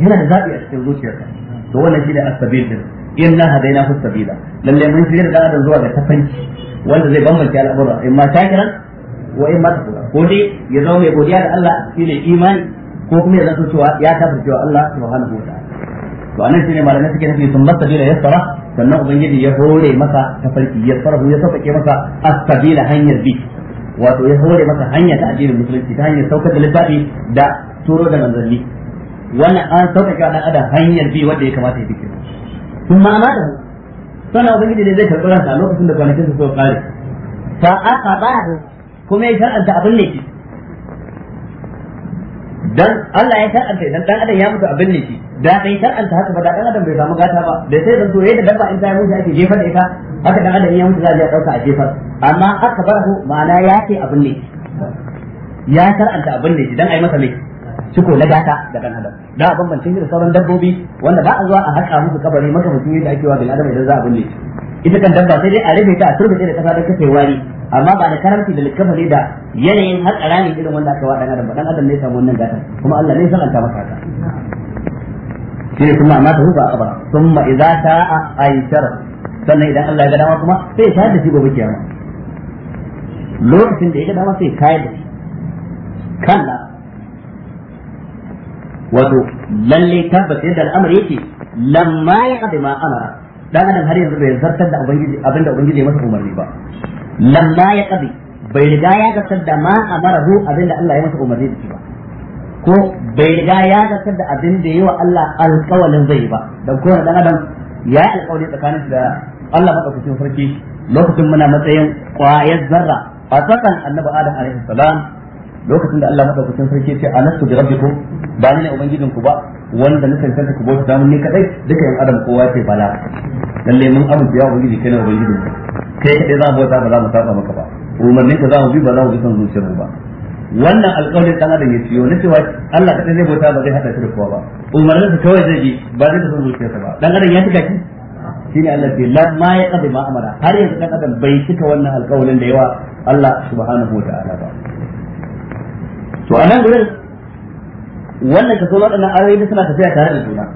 yana da zabi a cikin zuciyarka to wannan shine as-sabil din inna hadaina hu sabila lalle mun shirya da adam zuwa ga tafanci wanda zai bambance al'amura in ma shakiran wa in mata ko dai ya zama mai godiya da Allah ne imani ko kuma ya zanto cewa ya tafi cewa Allah subhanahu wa ta'ala to anan shine malamai suke nufi sun masa bila yassara sannan ubangiji ya hore masa tafarki ya farahu ya sauƙaƙe masa astabila hanyar bi wato ya hore masa hanya ta addinin musulunci ta hanyar saukar da littafi da turo da manzanni wannan an sauƙaƙe wa adam hanyar bi wanda ya kamata ya bi kun ma'ana da sannan ubangiji ne zai karɓi ransa lokacin da kwanakin su suka kare fa aqabahu kuma ya shar'anta abin ne shi dan Allah ya shar'anta idan dan adam ya mutu abin ne shi da kai shar'anta haka ba da dan adam bai samu gata ba da sai zan to yadda dabba in ta mutu ake jefar da ita haka dan adam ya mutu za a dauka a jefar amma aka barahu ma'ana ya ce abin ne ya shar'anta abin ne shi dan ai masa ne ko na gata da dan adam da bambancin shi da sauran dabbobi wanda ba a zuwa a haƙa musu kabari maka mutum yadda ake wa bil adam idan za a binne ita kan dabba sai dai a rufe ta a turbe da kasa don kashe wari amma ba da karanti da likafari da yanayin har ƙaramin irin wanda aka waɗa adam ba dan adam ne ya samu wannan gatar kuma Allah ne ya sananta masa haka ne kuma amma ta huba ma iza ta a aishar sannan idan Allah ya ga dama kuma sai ya tayar da shi gobe kiyama lokacin da ya ga dama sai ya kayar da shi kalla wato lalle tabbata da al'amari yake lamma ya ma amara dan adam har yanzu bai zartar da abin da ubangiji ya masa umarni ba lamma ya kabi bai riga ya gasar da ma a amarahu abinda Allah ya masa umarni da shi ba ko bai riga ya gasar da abin da yi wa Allah alƙawalin zai yi ba dan kowane dan adam ya yi alƙawari tsakanin da Allah madaukakin sarki lokacin muna matsayin ƙwayar zarra a tsakan annabi Adam alaihi salam lokacin da Allah madaukakin sarki ya ce anastu bi rabbikum ba ni ne ubangijin ku ba wanda na tantance ku bauta mun ne kadai duka yan adam kowa ya ce bala lalle mun amince ya ubangiji kai ne ubangijin ku kai kadai za mu bauta ba za mu saba maka ba umarnin ka za mu bi ba za mu bi son zuciyar mu ba wannan alƙawarin dan adam ya ciyo na cewa Allah kadai zai bauta ba zai hada shi da kowa ba umarnin ka kawai zai bi ba zai san zuciyar ba dan adam ya tuka shi shine Allah ce la ma ya qadi ma amara har yanzu dan adam bai cika wannan alƙawarin da yawa Allah subhanahu wataala ba to anan gurin wannan kaso waɗannan da suna tafiya tare da juna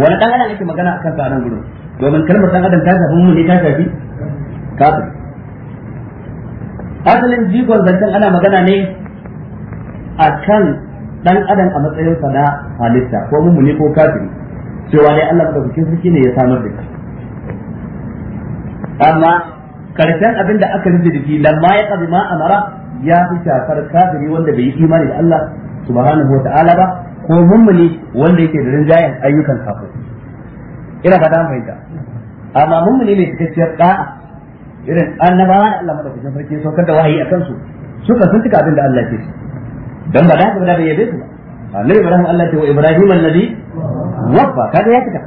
wani dan adam yake magana akan ta anan gurin domin kalmar dan adam ta shafi mun ne ta shafi kafir asalin jikon zancen ana magana ne a kan dan adam a matsayinsa na halitta ko mummuni ko kafiri cewa ne Allah da bikin sarki ne ya samar da shi amma karshen abin da aka rufe da shi lamma ya qabi ma amara ya fi shafar kafiri wanda bai yi imani da Allah subhanahu wa ta'ala ba ko mummuni wanda yake da rinjayen ayyukan kafiri ina fata fahimta amma mummuni ne cikakkiyar da'a irin annabawa da Allah madaukakin sarki ya saukar da wahayi a kansu suka sun cika abin da Allah ke su dan ba da haka da yabe su ba Ibrahim Allah ce wa Ibrahim allazi waffa kaga ya cika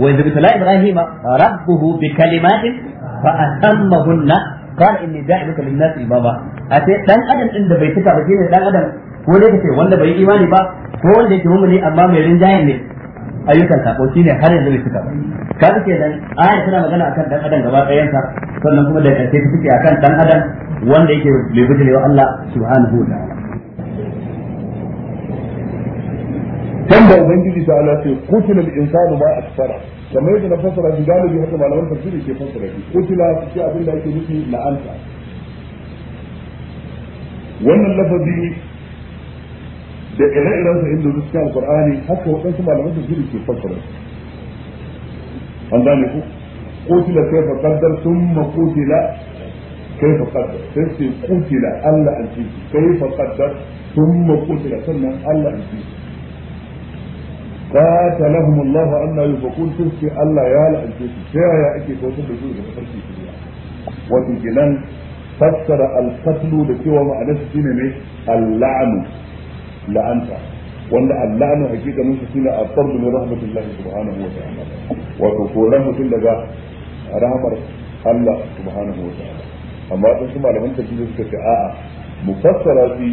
wa idh bitala Ibrahim rabbuhu bi kalimatin fa atammahunna qala inni da'ibuka lin-nasi imama ace dan adam din da bai cika ba shine dan adam ko ne kace wanda bai imani ba ko wanda yake mumuni amma mai rinjayen ne ayyukan sako shine har yanzu bai suka ba kaga kenan aya tana magana akan dan adam gaba ɗayan sa sannan kuma da kace ta fice akan dan adam wanda yake bai bijire wa Allah subhanahu wa ta'ala tanda ubangiji ta Allah ce qutila al-insanu ma akfara kamar yadda na fassara shi galibi haka malaman tafsiri ke fassara shi qutila shi abin da ake nufi la'anta wannan lafazi da ire-iren sa inda zuciya alqur'ani haka wadansu malaman tafsiri ke fassara an gane ku qutila kayfa qaddar thumma qutila kayfa qaddar sai ce qutila Allah an ce kayfa qaddar thumma qutila sannan Allah an ce qatalahum Allah anna yufakun sai Allah ya la'ance su sai ya ake kautar da su daga farki wato kenan fassara al-qatlu da cewa ma'anar shine ne al-la'nu la'anta wanda allahnu hakika mun shi shine at-tardu min rahmatillahi subhanahu wa ta'ala wato koran mutum daga rahmar Allah subhanahu wa ta'ala amma sun su malaman tafsiri suka ce a'a mufassara fi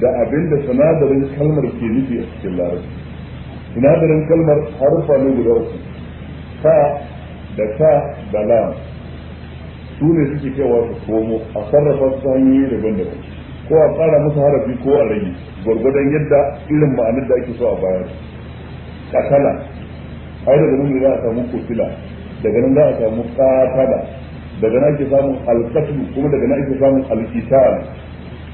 da abinda sinadarin kalmar ke nufi a cikin larabci sinadarin kalmar harfa ne guda uku ta da ta da lam su ne suke cewa su komo a sarrafa su hanyoyi daban-daban ko a ƙara masa harafi ko a rage gwargwadon yadda irin ma'anar da ake so a bayar katala ai daga nan za a samu kutila daga nan za a samu katala daga nan ake samun alkatlu kuma daga nan ake samun alkitab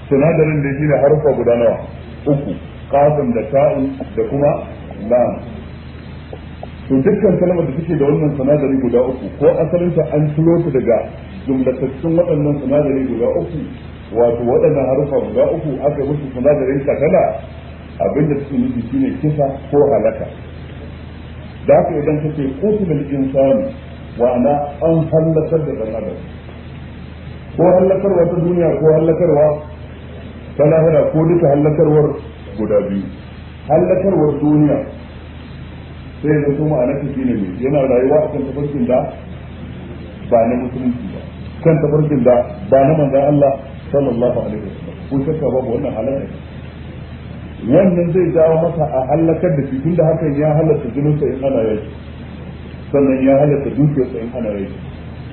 sinadarin da shine harfa guda nawa uku kafin da ta'un da kuma lam to dukkan kalmar da take da wannan sinadari guda uku ko asalinta an ciro ta daga jumlatattun waɗannan sinadari guda uku wato waɗannan harufa guda uku aka yi musu sinadarin sakala abinda suke nufi ne kisa ko halaka da haka idan kace qutul insani wa ana an halakar da dan adam ko halakarwa ta duniya ko halakarwa ta lahira ko duka halakarwar guda biyu halakarwar duniya sai da su ma'anarsa shine ne mai, yana rayuwa a kan tafarkin da ba na musulunci ba kan tafarkin da ba na manzan Allah sallallahu alaihi wasallam ko shakka babu wannan halaka wannan zai jawo masa a halakar da shi tunda hakan ya halatta jininsa in ana yaki sannan ya halatta dukiyarsa in ana yaki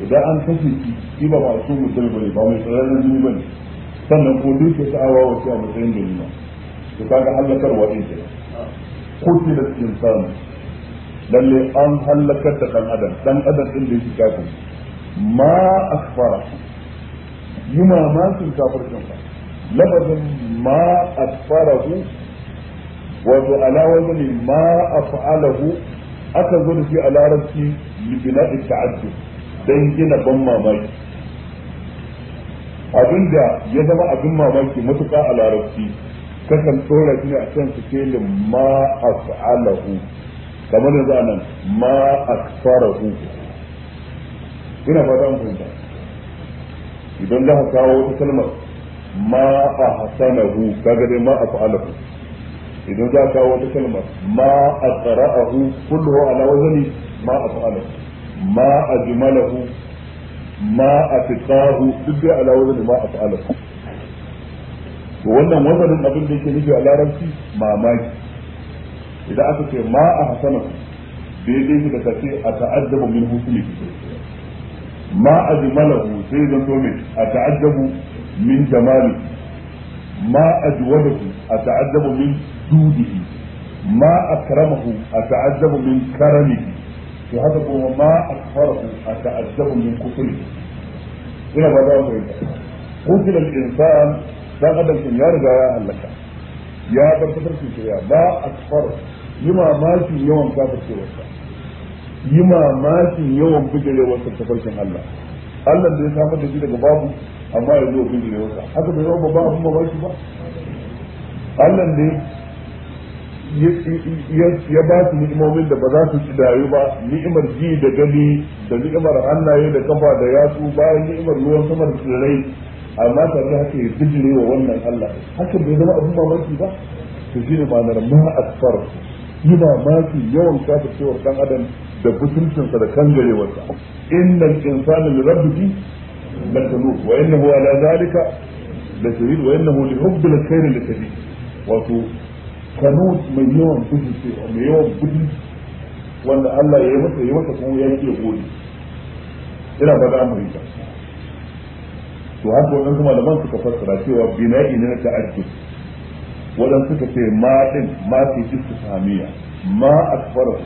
idan an kashe shi shi ba masu mutum bane ba mai tsararren jini bane sannan ko dukiyarsa awa wasu a matsayin jini ba to kaga halakarwa din kenan kutilat insanu lalle an halakar da dan adam dan adam din da yake kafin ma akfara yi mamakin kafircinsa lafazin ma fara hu? wato ala wazani ma hu? aka zo da shi a larabci libina'i ta'addu Don gina ban mamaki abin da ya zama abin mamaki matuƙa a larabci kakan tsora shi ne a kan sikelin ma af'alahu kamar yanzu nan, ma fara asfarahu ina fata an fahimta idan za ka kawo wata kalmar ma a hasanahu kaga dai ma a fa'alahu idan za ka kawo wata kalmar ma a tsara'ahu kulluhu ala wazani ma a fa'alahu ma a jumalahu ma a fiqahu duk dai ala wazani ma a fa'alahu to wannan wazanin abin da yake nufi a larabci mamaki idan aka ce ma a hasanahu daidai shi da kace a ta'addabu min husni fi ma ajmalahu sai zan to mai a ta'addabu min jamali ma ajwadahu a ta'addabu min dudihi ma akramahu a ta'addabu min karamihi to haka kuma ma akfarahu a ta'addabu min kufrihi ina ba za mu yi kutila al-insan dan adam kin ya riga ya halaka ya bar ba akfar yi mamakin yawan kafircewarsa yi mamakin yawan bujere wasu tafarkin Allah Allah da ya samar da shi daga babu amma yanzu ya bujere sa haka bai zama babban abin mamaki ba Allah ne ya ba su ni'imomin da ba za su ci dayu ba ni'imar ji da gani da ni'imar hannaye da kafa da yatsu bayan ni'imar ruwan sama da tsirrai amma tare da haka ya bijire wa wannan Allah haka bai zama abin mamaki ba to shi ne ma'anar ma asfar yi mamaki yawan kafa cewar dan adam da butuncinsa da kangarewarsa innal insana li rabbihi lakanud wa innahu ala zalika la shahid wa innahu li hubbil khair la shadid wato kanut mai yawan butunci mai yawan butunci wanda Allah ya yi masa ya masa kuma ya yi gode ina ba da amurka to haka wannan kuma man suka fassara cewa bina'i ne na ta'ajjub wadan suka ce ma din ma fi istifhamiya ma akbaru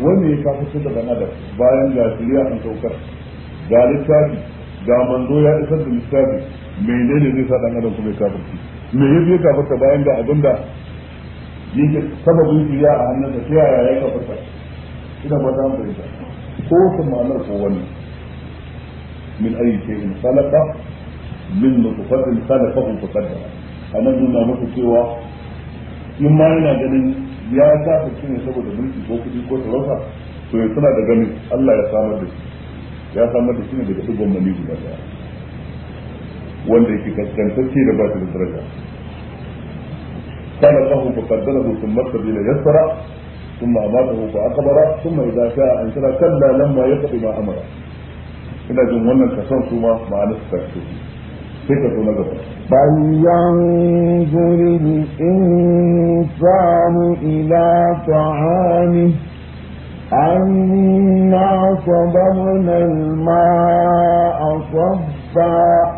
wanda ya kafa da dan bayan ga shirya an saukar ga littafi ga manzo ya isar da littafi menene zai sa dan adam kuma ya kafirce me ya kafa ta bayan ga abinda yake sababin shirya a hannun da ta yaya ya kafirta ina ba ta mu ko kuma ma'anar ko wani min ayi in salaka min nutfatin khalaqahu a nan nuna muku cewa in ma yana ganin ya kafa cinye saboda mulki ko kuɗi ko sarrafa to ya suna da gani Allah ya samar da shi ya samar da shi ne daga dubban mani guda daya wanda yake kaskantacce da ba shi da daraja kana kafu ba kaddara ko sun masa bila yassara sun ma ba ta hukuma aka bara mai za ta an tana kalla ya faɗi ma ina jin wannan kasan suma ma ma'anar su kasance sai ka zo na gaba فلينظر الإنسان إلى طعامه أنا صببنا الماء صبا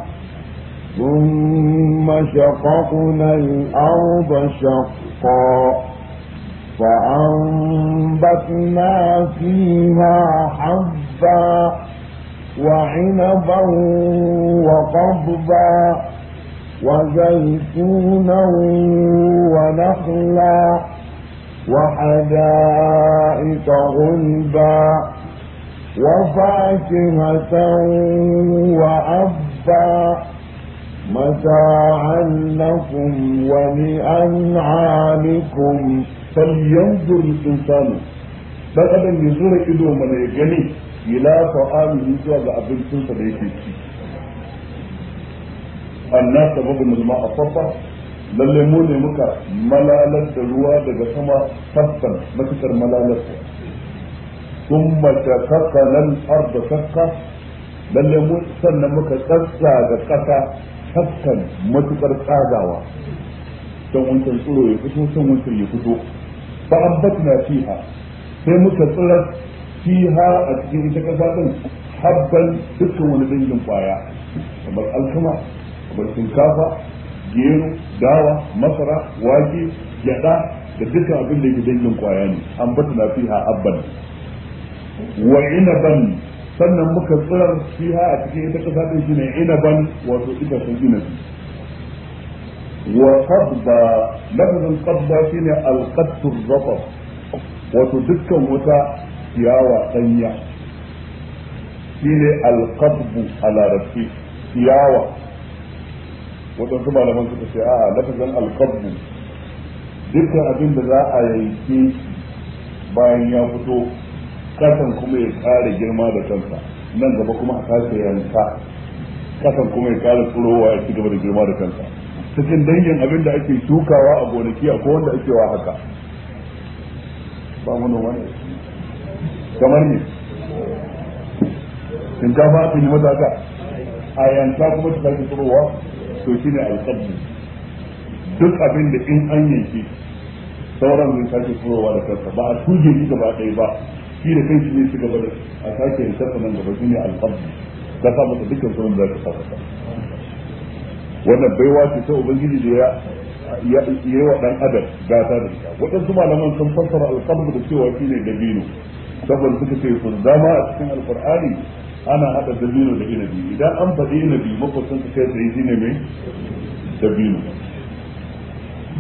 ثم شققنا الأرض شقا فأنبتنا فيها حبا وعنبا وقضبا وزيتونا ونخلا وحدائق غلبا وفاكهة وأبا متاعا لكم ولأنعامكم فلينظر الإنسان بل أبن يزور إدو من يجني إلى طعامه يجوز أبن سنسى ليكي annas babu al ma'a safa lalle mu ne muka malalar da ruwa daga sama sabban matukar malalar ta thumma shaqaqna al arda shaqqa lalle mu sannan muka tsatsa ga kasa sabban matukar tsagawa dan wancan tsiro ya fito san wancan ya fito fa ambatna fiha sai muka tsira fiha a cikin ita kasa din habban dukkan wani dangin kwaya kamar alkama shinkafa gero dawa masara wake gyada da dukkan abin da yake dangin kwaya ne an bata na fiha abban wa inaban sannan muka tsirar fiha a cikin ita kasa din shine inaban wato ita sun inabi wa qabba lafazin qabba shine alqattu zafaf wato dukkan wuta ciyawa danya shine alqabbu a larabci ciyawa waɗansu malaman suka ce a lafazin alkabbu dukkan abin da za a yanke bayan ya fito kasan kuma ya kare girma da kansa nan gaba kuma a kasa yanka kasan kuma ya kare tsurowa ya ci gaba da girma da kansa cikin dangin abin da ake shukawa a gonaki a wanda ake wa haka ba mu manoma ne kamar ne shinkafa a cikin mata a yanka kuma ta sake tsurowa to shine alqabd duk abin da in an yanke sauran zai sake furowa da kansa ba a tuje shi gaba ɗaya ba shi da kai shi ne shi gaba da a sake yankarsa nan gaba shi shine alqabd ka sa masa dukkan sauran da ka sa masa wannan baiwa ce ta ubangiji da ya ya yi wa dan adam gata da ita waɗansu malaman sun fassara alqabd da cewa shi ne dabino saboda suka ce sun zama a cikin alqur'ani ana haɗa dabino da inabi idan an faɗi inabi makwabcin ka kai tsaye shine mai dabino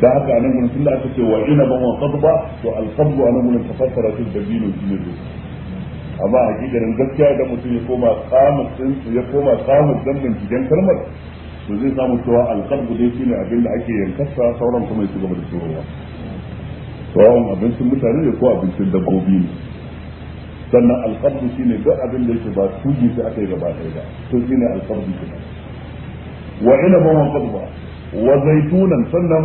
da haka anan gurin tunda aka ce wa ina inaban wa qadba to al qadbu anan gurin tafassara shi dabino shine ne amma hakikanin gaskiya da mutum ya koma kamus din ya koma kamus dan binciken kalmar to zai samu cewa al qadbu dai shine abin da ake yankasa sauran kuma ya ci gaba da tsorowa to abincin mutane ne ko abincin dabbobi ne sannan alqabdu shine duk abin da yake ba tuji sai aka yi gaba ɗaya ba to shine alqabdu kenan wa inaban wa qadba wa zaitunan sannan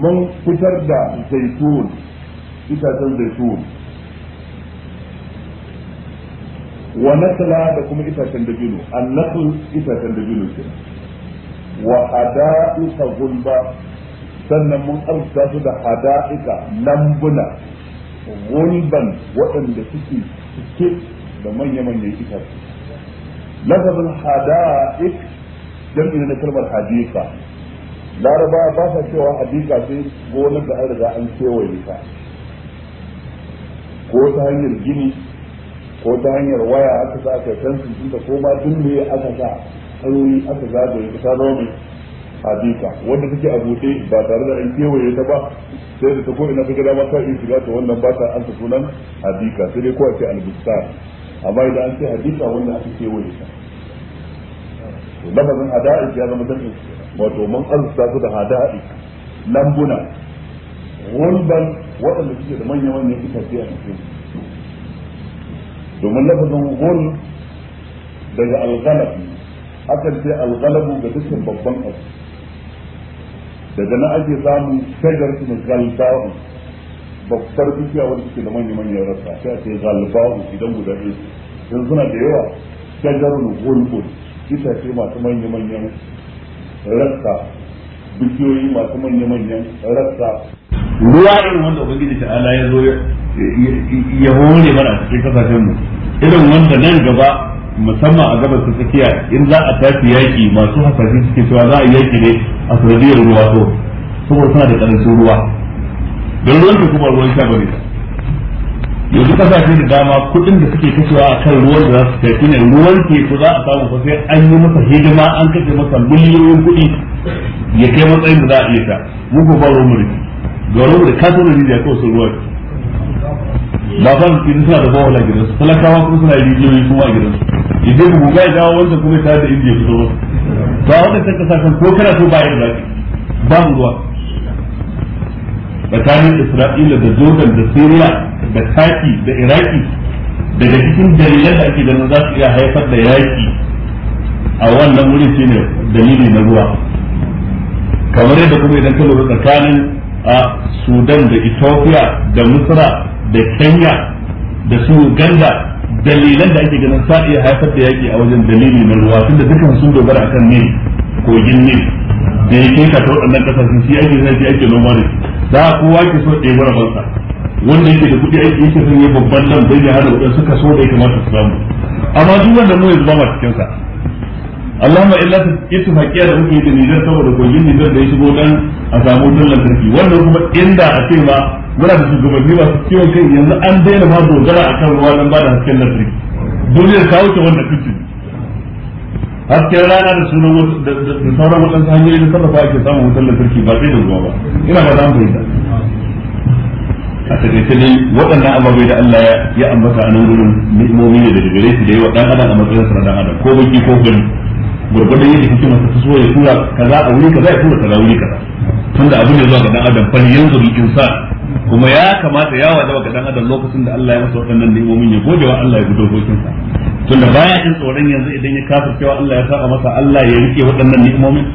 mun fitar da zaitun itacen zaitun wa nakla da kuma itacen dabino an nakl itacen dabino ke, wa hada'iqa gulba sannan mun arzuta su da hada'ika lambuna ban waɗanda suke suke da manya-manyan itace lafazin hada'ik jam'i na kalmar hadika laraba ba sa cewa hadika sai gonar da an riga an kewaye ta ko ta hanyar gini ko ta hanyar waya aka sa aka fensin tunda ko ma duk me aka sa hanyoyi aka zagaye ta zama mai hadika wanda suke a buɗe ba tare da an kewaye ta ba sai da ta ko ina kaga dama ta yi shiga ta wannan ba ta an ta sunan hadika sai dai ko a ce albustan amma idan an ce hadika wanda aka kewaye ta lafazin hada'ik ya zama da. wato man arzuta su da hada'ik lambuna gulban waɗanda suke da manya manyan itace a cikin domin lafazin gul daga al-kalafi, alghalab akan ce alghalabu ga dukkan babban abu daga na ake samun shagar su galba'u babbar dukiya wanda suke da manyan manyan rasa sai ake galba'u idan guda ɗaya sun suna da yawa shagarun gulgul itace masu manyan manyan rasa dukiyoyi masu manyan manyan rasa ruwa irin wanda ubangiji ta ala ya zo ya hore mana cikin kasashen mu irin wanda nan gaba musamman a gabar ta tsakiya in za a tafi yaƙi masu hasashe suke cewa za a yaƙi ne a sanadiyar ruwa to saboda suna da ƙarancin ruwa don ruwan da kuma ruwan sha bane yanzu kasashe da dama kuɗin da suke kashewa a kan ruwan da za su tafi ne ruwan ke ko za a samu sai an yi masa hidima an kashe masa miliyoyin kuɗi ya kai matsayin da za a iya ta mu ba ruwan mulki ga ruwan da kasuwar da kawo su ruwan. ba su suna da bawa a gidansu talakawa kuma suna jiyoyi kuma a gidansu idan ku ga ya dawo wanda kuma ta da indiya ya fito ba wanda ta kasa kan ko kana so bayan da ba mu ruwa tsakanin Isra'ila da Jordan da Syria da taki da Iraki daga cikin dalilan da ake ganin za su iya haifar da yaki a wannan wuri ne dalili na ruwa kamar yadda kuma idan ka lura tsakanin a Sudan da Ethiopia da Misra da kenya da su uganda dalilan da ake ganin sa iya haifar da yaki a wajen dalili na ruwa tunda dukkan sun dogara akan ne kogin ne da ya ke ta waɗannan kasashen shi ake zai ake noma ne da kowa ke so ɗaya mara bansa wanda yake da kuɗi aiki yake son yi babban nan bai da hada waɗansu kaso da ya kamata su samu amma duk wanda mu yanzu ba ma cikin sa Allahumma illa ta haƙiya da muke da Nijar saboda kogin Nijar da ya shigo dan a samu wutar lantarki wannan kuma inda a ce ma muna da shugabanni masu ciwon kai yanzu an daina ma dogara a kan ruwa don ba da hasken lantarki duniyar ta wuce wanda kuke hasken rana da sunan da sauran waɗansu hanyoyi da sarrafa ake samun wutar lantarki ba sai da ruwa ba ina ba zan bayyana a takaice dai waɗannan ababai da Allah ya ambata a nan gurin ni'imomi ne da gare su da yawa dan adam a matsayin sa dan adam ko baki ko gani gurgurdan yadda kike masa ta so ya tura kaza a wuri kaza ya tura kaza wuri kaza tunda abin da zuwa ga dan adam fal yanzuru insan kuma ya kamata ya wajaba ga dan adam lokacin da Allah ya masa waɗannan ni'imomin ya gode wa Allah ya gudo dokin sa tunda baya jin tsoron yanzu idan ya kafa cewa Allah ya saka masa Allah ya rike waɗannan ni'imomin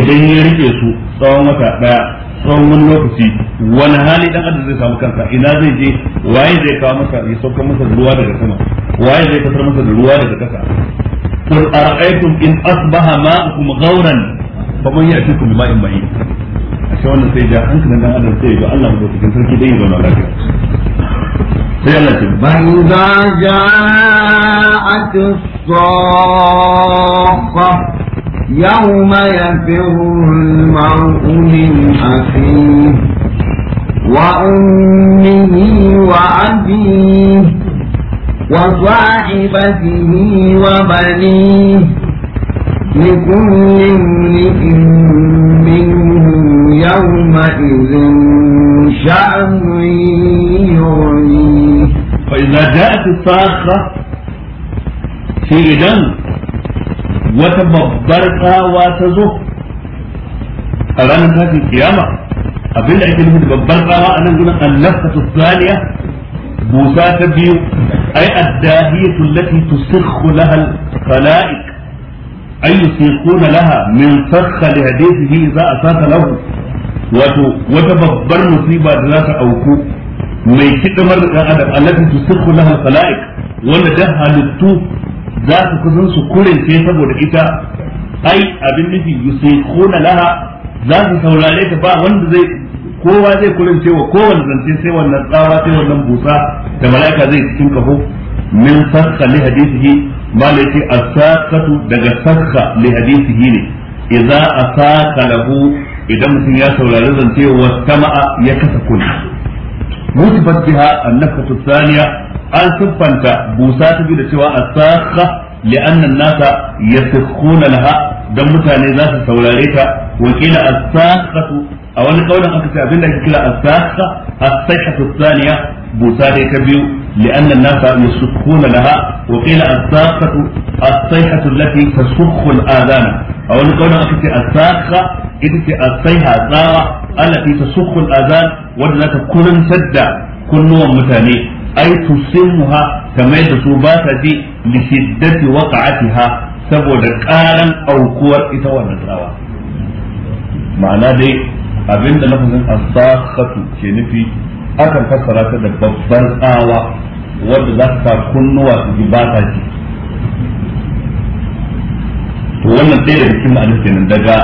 idan ya rike su tsawon wata daya tsawon wani lokaci wani hali dan adam zai samu kansa ina zai je waye zai kawo masa ya saukar masa ruwa daga sama waye zai fitar masa da ruwa daga kasa قل أرأيتم إن أصبح ماؤكم غورا فمن ya'tikum bima'in ba'in sai wannan sai ja hankalin dan adam sai ga Allah ko cikin sarki dai zauna lafiya sai Allah ce ban da ja'at as-saffa yawma yafiru al-mar'u min akhihi wa ummihi wa abihi وصاحبته وبنيه لكل امرئ من يومئذ شأن يغنيه فإذا جاءت الصاخة في رجل وتبرقى وتزف أرانا في القيامة أبين لأيك أنه تبرقى وأنا نقول النفقة الثانية بوزا تبيو أي الداهية التي تسخ لها الخلائق أي يسيقون لها من فخ لهديته إذا أصاب لهم wato wata babbar musiba da za ta auku mai kidamar da dan adam allati tusirru laha khalaiq wanda da halittu za su kusan su sai saboda ita ai abin nufi yusikhuna laha za su saurare ta ba wanda zai kowa zai kurince wa kowanne zance sai wannan tsawa sai wannan busa da malaika zai cikin kafo min sakha li hadisihi malaki as-sakatu daga sakha li hadisihi ne idza asaka lahu idan mutum ya saurari zance wa sama'a ya kasa kunna musifat biha annafatu thaniya an siffanta busa ta bi da cewa as-sakha li'anna an-nasa yasikhuna laha dan mutane za su saurare ta wa qila as a wani kaulin aka ce abinda ake kira as-sakha as busa ta biyu لأن الناس يصفون لها وقيل الساقة الصيحة التي تسخ الآذان أو نقول أكت الساقة إذ الصيحة الزارة التي تسخ الآذان ولا تكون سدى كل متاني أي تسمها كما يتصوبات دي لشدة وقعتها saboda karan aukuwar ita wannan tsawa ma'ana dai abinda lafazin asakatu ke nufi akan fassara ta da babbar tsawa wanda za ta kunnuwa su ji ba ta ji to wannan ɗaya daga cikin ma'anar kenan daga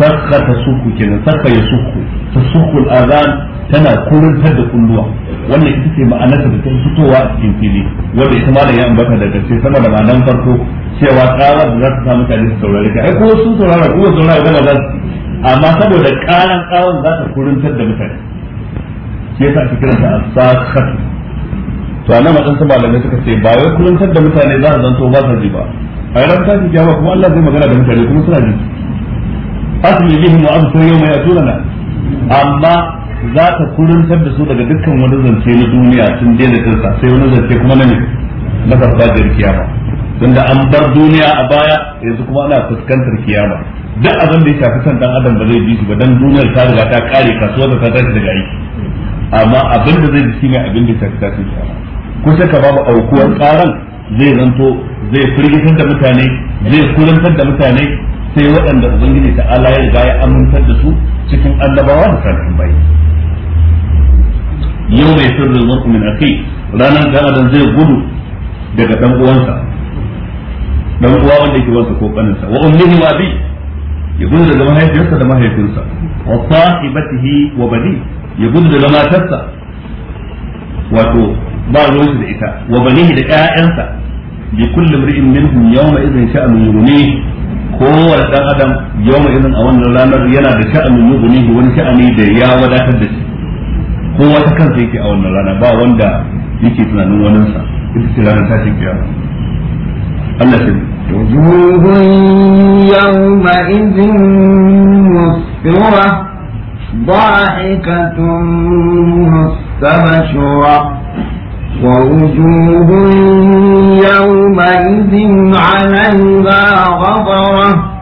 sakka ta suku kenan sakka ya suku ta suku al'azan tana kurintar da kunnuwa wannan ita ce ma'anar da ta fitowa a cikin fili wanda ita ma da ya ambata daga ce sama da ma'anar farko cewa tsara da za ta sa mutane su saurare ka ai ko sun saurara ko saurara gama za su amma saboda ƙaran tsawon za ta kurintar da mutane ya sa ake kiran ta as to anan madan su malamai suka ce ba wai da mutane za a zanto ba su ji ba a ran ta ji kiyama kuma Allah zai magana da mutane kuma suna ji asmi bihim wa mai a tunana amma za ta kuruntar da su daga dukkan wani zance na duniya sun daina kansa sai wani zance kuma na ne na farfajiyar kiyama tunda an bar duniya a baya yanzu kuma ana fuskantar kiyama duk abin da ya shafi san dan adam ba zai bi shi ba dan duniyar ta riga ta kare kasuwar da ta tashi daga aiki amma abin da zai ji ne abin da ta tafi kiyama kusa ka babu aukuwar karan zai zanto zai firgitar da mutane zai kulantar da mutane sai waɗanda ubangiji ta ala ya riga ya amintar da su cikin annabawa da sarkin bayi yau mai sirrin zarku min akai ranar da adam zai gudu daga dan uwansa dan uwa wanda yake wansa ko kaninsa wa ummihi wa bi ya gudu daga mahaifiyarsa da mahaifinsa wa sahibatihi wa bani ya gudu da matarsa wato ba ruwansu da ita wa banihi da ƴaƴansa bi kulli mri'in minhum yawma idhin sha'anun yughni kowane dan adam yawma idhin a wannan ranar yana da sha'anun yughni wani sha'ani da ya wadatar da shi kowa ta kansa yake a wannan rana ba wanda yake tunanin waninsa ita ce ranar tashin kiyama Allah sai وجوه يومئذ مسفرة ضاحكة مستبشرة ووجوه يومئذ عليها غبرة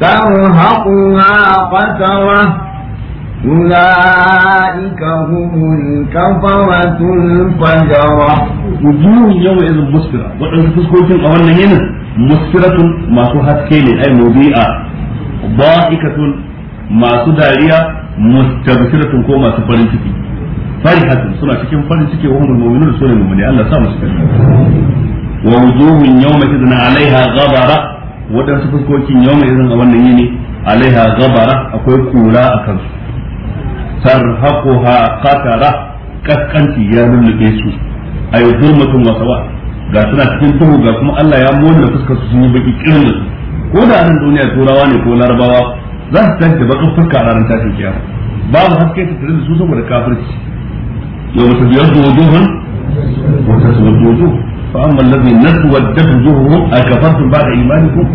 ترهقها قترة أولئك هم الكفرة الفجرة وجوه يومئذ مسكرة وإن تسكوتين أولا هنا مسكرة ما تهتكيني أي مبيئة ضاحكة ما تداريا mustabshiratun ko masu farin ciki farihatun suna cikin farin ciki wa humul mu'minun sune mu'mini Allah sa musu farin wa wujuhun yawma idhin 'alayha ghabara wadansu fuskokin yawma idhin a wannan yini 'alayha ghabara akwai kura a kansu tarhaquha qatara kaskanci ya lullube su ayu zulmatun wa sawa ga suna cikin duhu ga kuma Allah ya mona fuskar su sun yi baki kirin ko da nan duniya turawa ne ko larabawa za su tashi da bakin fuska a ranar tashin kiyama babu haske ta tare da su saboda kafirci yau mutu biyar su wujuhun wata su wujuhu fa amma allazi nasu wadda wujuhuhum a kafartun ba da imanikum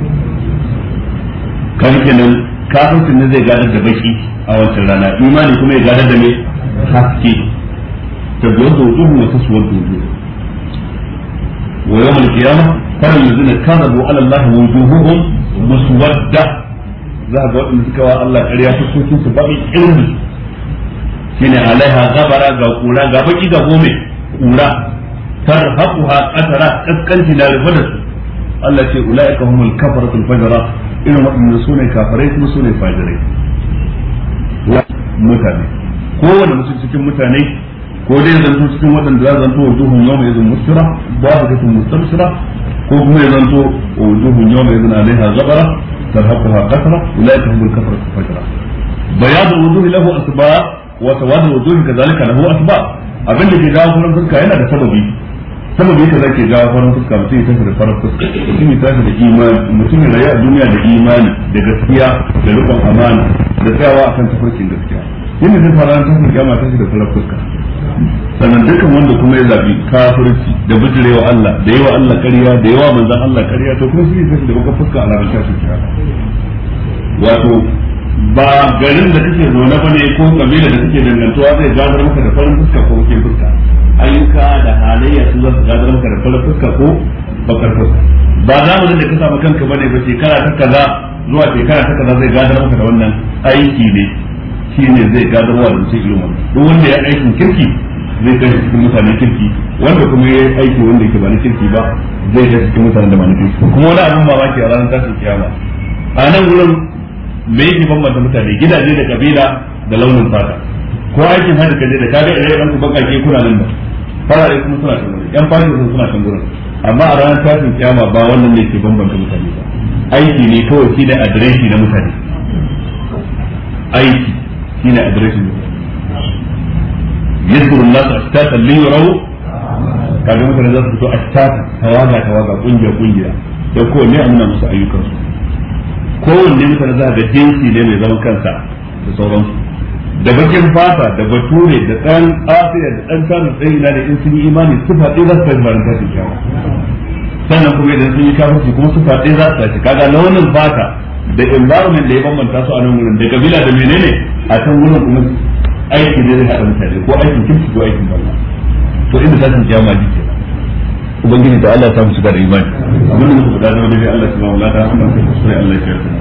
kan kenan kafircin ne zai gadar da baki a wancan rana imani kuma ya gadar da me haske ta biyar da wujuhun wata su wujuhu ويوم القيامة ترى الذين كذبوا على الله musu wadda. za ga waɗanda suka wa Allah ƙarya fuskokin su baƙi irin shine alaiha gabara ga ƙura, ga baki ga gome kura tarhaquha qatara kaskanci na rufe da su Allah ce ulaika humul sun fajara irin waɗanda su ne kafarai kuma su ne fajirai mutane kowane mutum cikin mutane ko dai zanto cikin waɗanda za zanto wujuhun yawma yazun musira babu kafin mustamsira ko kuma ya zanto wujuhun yawma yazun alaiha gabara ترهقها قسرة أولئك هم الكفرة الفجرة بياض الوجوه له أسباب وسواد الوجوه كذلك له أسباب abin da ke jawo farin fuska yana da sababi sababi kaza ke jawo farin fuska mutum ya tafi da farin fuska mutum ya tafi da imani mutum ya rayu a duniya da imani da gaskiya da rikon amana da tsayawa akan tafarkin gaskiya yadda zai fara ran tafi kiyama tashi da farar fuska sannan dukkan wanda kuma ya zabi kafirci da bijirewa Allah da yawa Allah ƙarya da yawa manzan Allah ƙarya to kuma shi tashi da baka fuska a ranar tashin kiyama wato ba garin da kake zaune ba ne ko kabila da kake dangantuwa zai gadar maka da farin fuska ko kake fuska ayyuka da halayya su za su gadar maka da farin fuska ko bakar fuska ba za mu da ka samu kanka ba ne ba shekara ta kaza zuwa shekara ta kaza zai gadar maka da wannan aiki ne ne zai gadar wa da mutum irin duk wanda ya aikin kirki zai tashi cikin mutanen kirki wanda kuma ya aiki wanda yake ba na kirki ba zai tashi cikin mutanen da ba na kirki kuma wani abin mamaki a ranar tashin kiyama a nan wurin me yake bambanta mutane gidaje da kabila da launin fata ko aikin hada kaje da kaga idan ɗan ku ke kuna nan da farare kuma suna can gurin yan fashin sun suna can gurin amma a ranar tashin kiyama ba wannan ne ke bambanta mutane ba aiki ne kawai shi ne adireshi na mutane aiki shine adireshin yadkuru Allah ashtata li yarawu kaga mutane za su fito ashtata tawaga tawaga kungiya kungiya da ko ne amna musu ayyukan kowanne mutane za ga jinsi ne mai zaman kansa da da bakin fata da bature da dan asiya da dan kanu tsayi na da in sun yi imani su faɗi za su fahimta ta kyakkyawa sannan kuma idan sun yi kafirci kuma su faɗi za su tashi kaga launin fata da environment da ya bambanta su a nan wurin da kabila da menene a can wurin kuma aiki da zai haɗa mutane ko aikin kirki ko aikin banza to inda ta ji kiyama ji ke ubangiji da Allah ta musu da imani abin da muka faɗa da Allah subhanahu wa ta'ala amma sai Allah ya yarda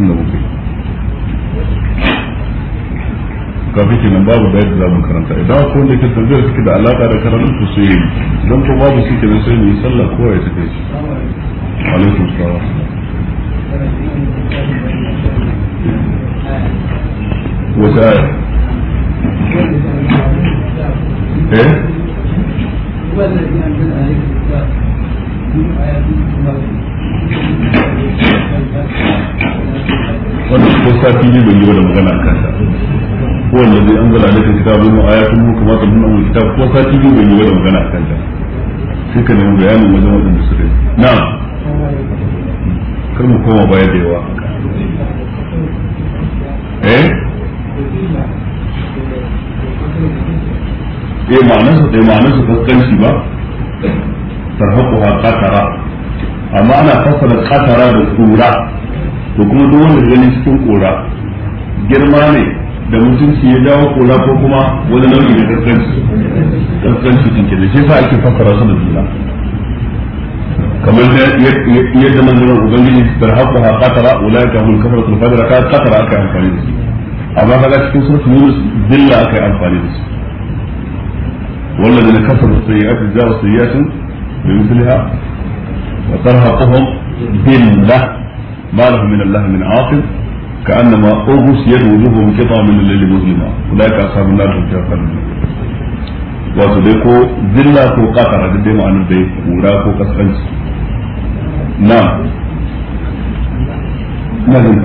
inda muke kafin kenan babu da yadda zamu karanta idan ko wanda ke tambayar suke da alaka da karanta su sai yi don ko babu suke da sai ne sallah kowa ya tafi shi alaikum salam wata eh wannan ko sati ne bai yi wani magana a kanta ko wanda zai an zala alaikar kitabun mu ayatun mu kamata mun amur kitab ko sati ne bai yi wani magana a kanta sai ka nemi bayanin wajen waɗanda suka yi na'am kar mu koma baya da yawa eh eh ma'anarsa da eh, ma'anarsa kaskanci ba tarhaku ha katara amma ana fassara katara da kura to kuma duk wanda ganin cikin kura girma ne da mutunci ya dawo kura ko kuma wani nau'i na kaskanci kaskanci cikin da shi sa ake fassara su da juna kamar da yadda manzon ubangiji tarhaquha qatara ulaika hum kafaratul fajr ka qatara aka amfani da su amma kaga cikin suratul yunus zilla aka amfani da su والذين كفروا السيئات جاءوا سيئات بمثلها وترهقهم ذلة ما لهم من الله من عاقب كأنما أغشيت وجوههم قطعا من الليل مظلما أولئك أصحاب النار هم فيها خالدون wato dai ko zilla ko katara duk dai ma'anar dai kura ko kaskanci na na eh?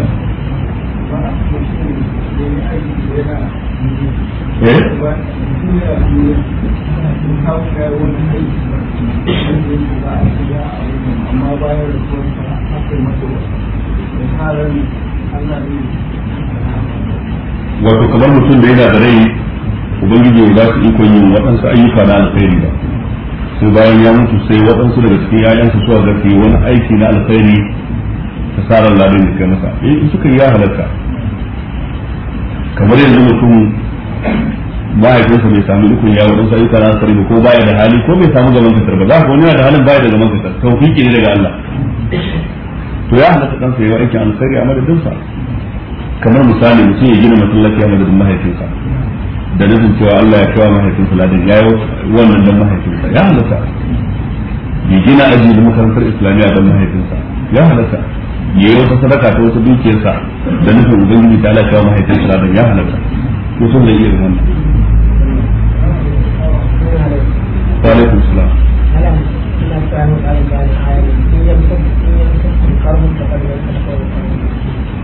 wato kamar mutum da yana da rai ubangiji ba su ikon yin waɗansu ayyuka na alkhairi ba sai bayan ya mutu sai waɗansu daga cikin yayansu suwa zarfi wani aiki na alkhairi ta sarar ladin da kai masa in eh, suka yi ya halarta kamar yanzu mutum mahaifinsa bai samu ikon ya waɗansu ayyuka na alkhairi ba ko baya da hali ko bai samu gaban kasar ba za ka wani yana da halin baya da gaban kasar tawfiki ne daga Allah to ya halarta kan yayi aikin alkhairi a madadinsa kamar misali mutum ya gina masallaci a madadin mahaifinsa da nufin cewa Allah ya kawo mahaifin ladan ya yi wannan dan mahaifinsa ya halatta ya gina aji da makarantar islamiyya dan mahaifinsa ya halatta ya yi wata sadaka ta wata dukiyarsa da nufin ubangiji ta Allah ya kawo mahaifin ladan ya halatta ko sun da iya wannan wa salam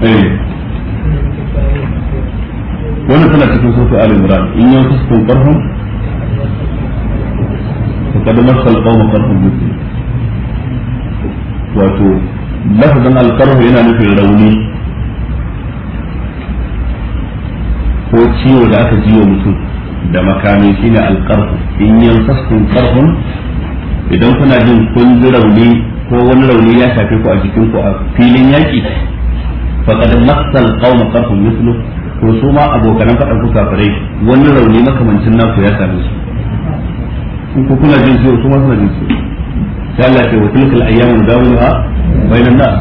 eh wannan tana cikin sufi al imran in yau su farhum فقد مس القوم قرح مثلي wato lafazin alkarhu yana nufin rauni ko ciwo da aka jiwa mutum da makami shine alkarhu in yansaskun karhun idan kuna jin kun ji rauni ko wani rauni ya shafe ku a jikin ku a filin yaki faqad massa alqawma qarhun mithlu to su ma abokanan faɗan ku kafirai wani rauni makamancin naku ya same su in ku kuna jin ciwo su ma suna jin ciwo sai Allah ce wa tilkal ayyamu dawuha bainan nas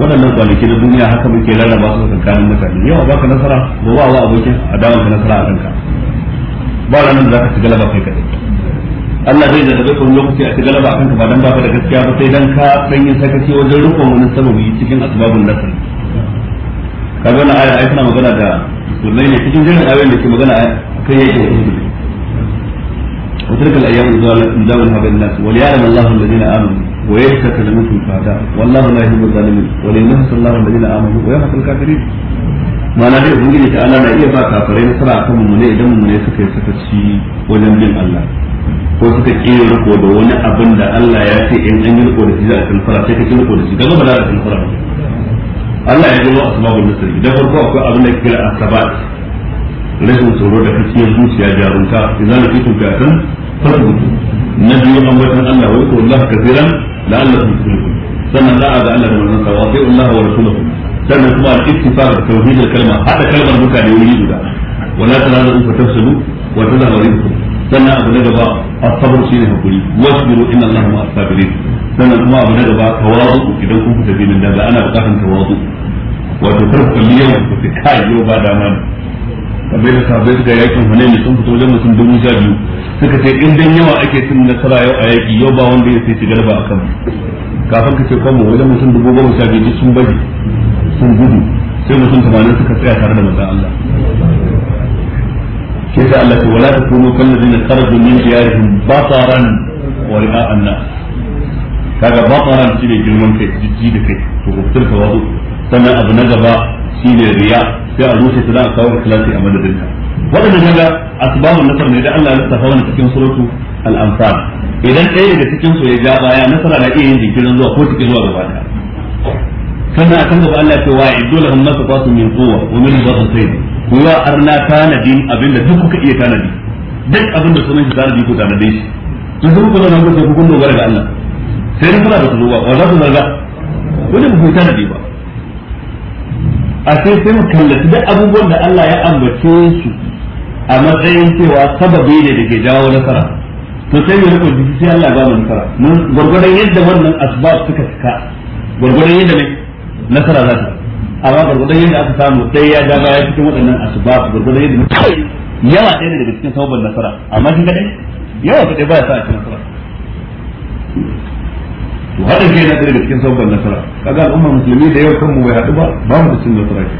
waɗannan kwanaki na duniya haka muke rarraba su tsakanin mutane yawa baka nasara ba wa wa abokin adawan ka nasara a kanka ba ranar da zaka ci galaba kai kadai Allah zai zarrabe ka wani lokaci a ci galaba a kanka ba dan ba da gaskiya ba sai dan ka dan yin sakaci wajen rukun wani sababi cikin asbabun nasara kaga wannan aya ai magana da sunnai ne cikin jirin ayoyin da ke magana kai yake wa tilkal ayyam zawal zawal hada nas wal ya'lam allah alladhina amanu wa yastakil minkum fata wallahu la yuhibbu zalimin wal yunsu allah alladhina amin wa yahsul kafirin mana dai mun gina ta ana na iya ba kafirai nasara kan mu ne idan mu ne suka yi suka ci wajen bin allah ko suka kiyo riko da wani abin da Allah ya ce in an yi riko da shi za a kan fara sai ka kiyo riko da shi Allah ya zama asbabun nasari da farko akwai abin da kira asabat rashin tsoro da kaciyar zuciya jarunta idan da kitu ka san farbutu na biyu an watan Allah wa yaqulu Allah kathiran la'allakum tuflihun sannan da'a ga Allah da manzon sa wa fi Allah wa rasuluhu sannan kuma al-ittifaq tauhid al-kalma hada kalmar mutane wuri guda wala tanazu fa tafsidu wa tanazu sannan abu na gaba asabar shi ne hakuri biro ina allaha ma asabirin sannan kuma abu na gaba tawazu idan kun fita filin daga ana bukatan tawazu wato kar yau da ce kai yau ba dama ne kamar da sabai da yakin ne sun fito wajen mutum dubu sha biyu suka ce in dan yawa ake cin nasara yau a yaki yau ba wanda ya sai shi garba a kan kafin ka ce kanmu wajen mutum dubu goma sha biyu sun bari sun gudu sai mutum tamanin suka tsaya tare da maza Allah shi yasa Allah ta wala takunu kal ladina kharaju min diyarihim bataran wa ri'a an-nas kaga bataran shine girman kai jijji da kai to gubtul tawadu sannan abu na gaba shine riya sai a rushe ta a kawo ikhlasi a madadin ta wadannan daga asbabun nasar ne da Allah ya lissafa cikin suratu al-anfal idan ɗaya daga cikin su ya ja baya nasara na iya yin jinkirin zuwa ko cikin zuwa gaba daya sannan akan gaba Allah ya ce wa idulahum nasaqatu min quwwa ko ya arna tanadin abinda duk kuka iya tanadi duk abinda sunan shi tanadi ko tanadin shi in kuma ku zauna ku kun dogara ga Allah sai dai kuna da ku ba wala za ku zarga wani ku tanadi ba a sai sai mu kallaci duk abubuwan da Allah ya ambace su a matsayin cewa sababi ne da ke jawo nasara to sai mu rubuta sai Allah ba mu nasara mun gurgurdan yadda wannan asbab suka cika gurgurdan yadda ne nasara za ta amma gurgurdan yadda aka samu sai ya ja baya cikin waɗannan asbab gurgurdan yadda yawa ɗaya ne daga cikin sababin nasara amma kin ga yawa ka ba baya sa a cikin nasara to haɗin kai na ɗaya daga cikin sababin nasara kaga al'ummar musulmi da yau kanmu bai haɗu ba ba mu da cin nasara ke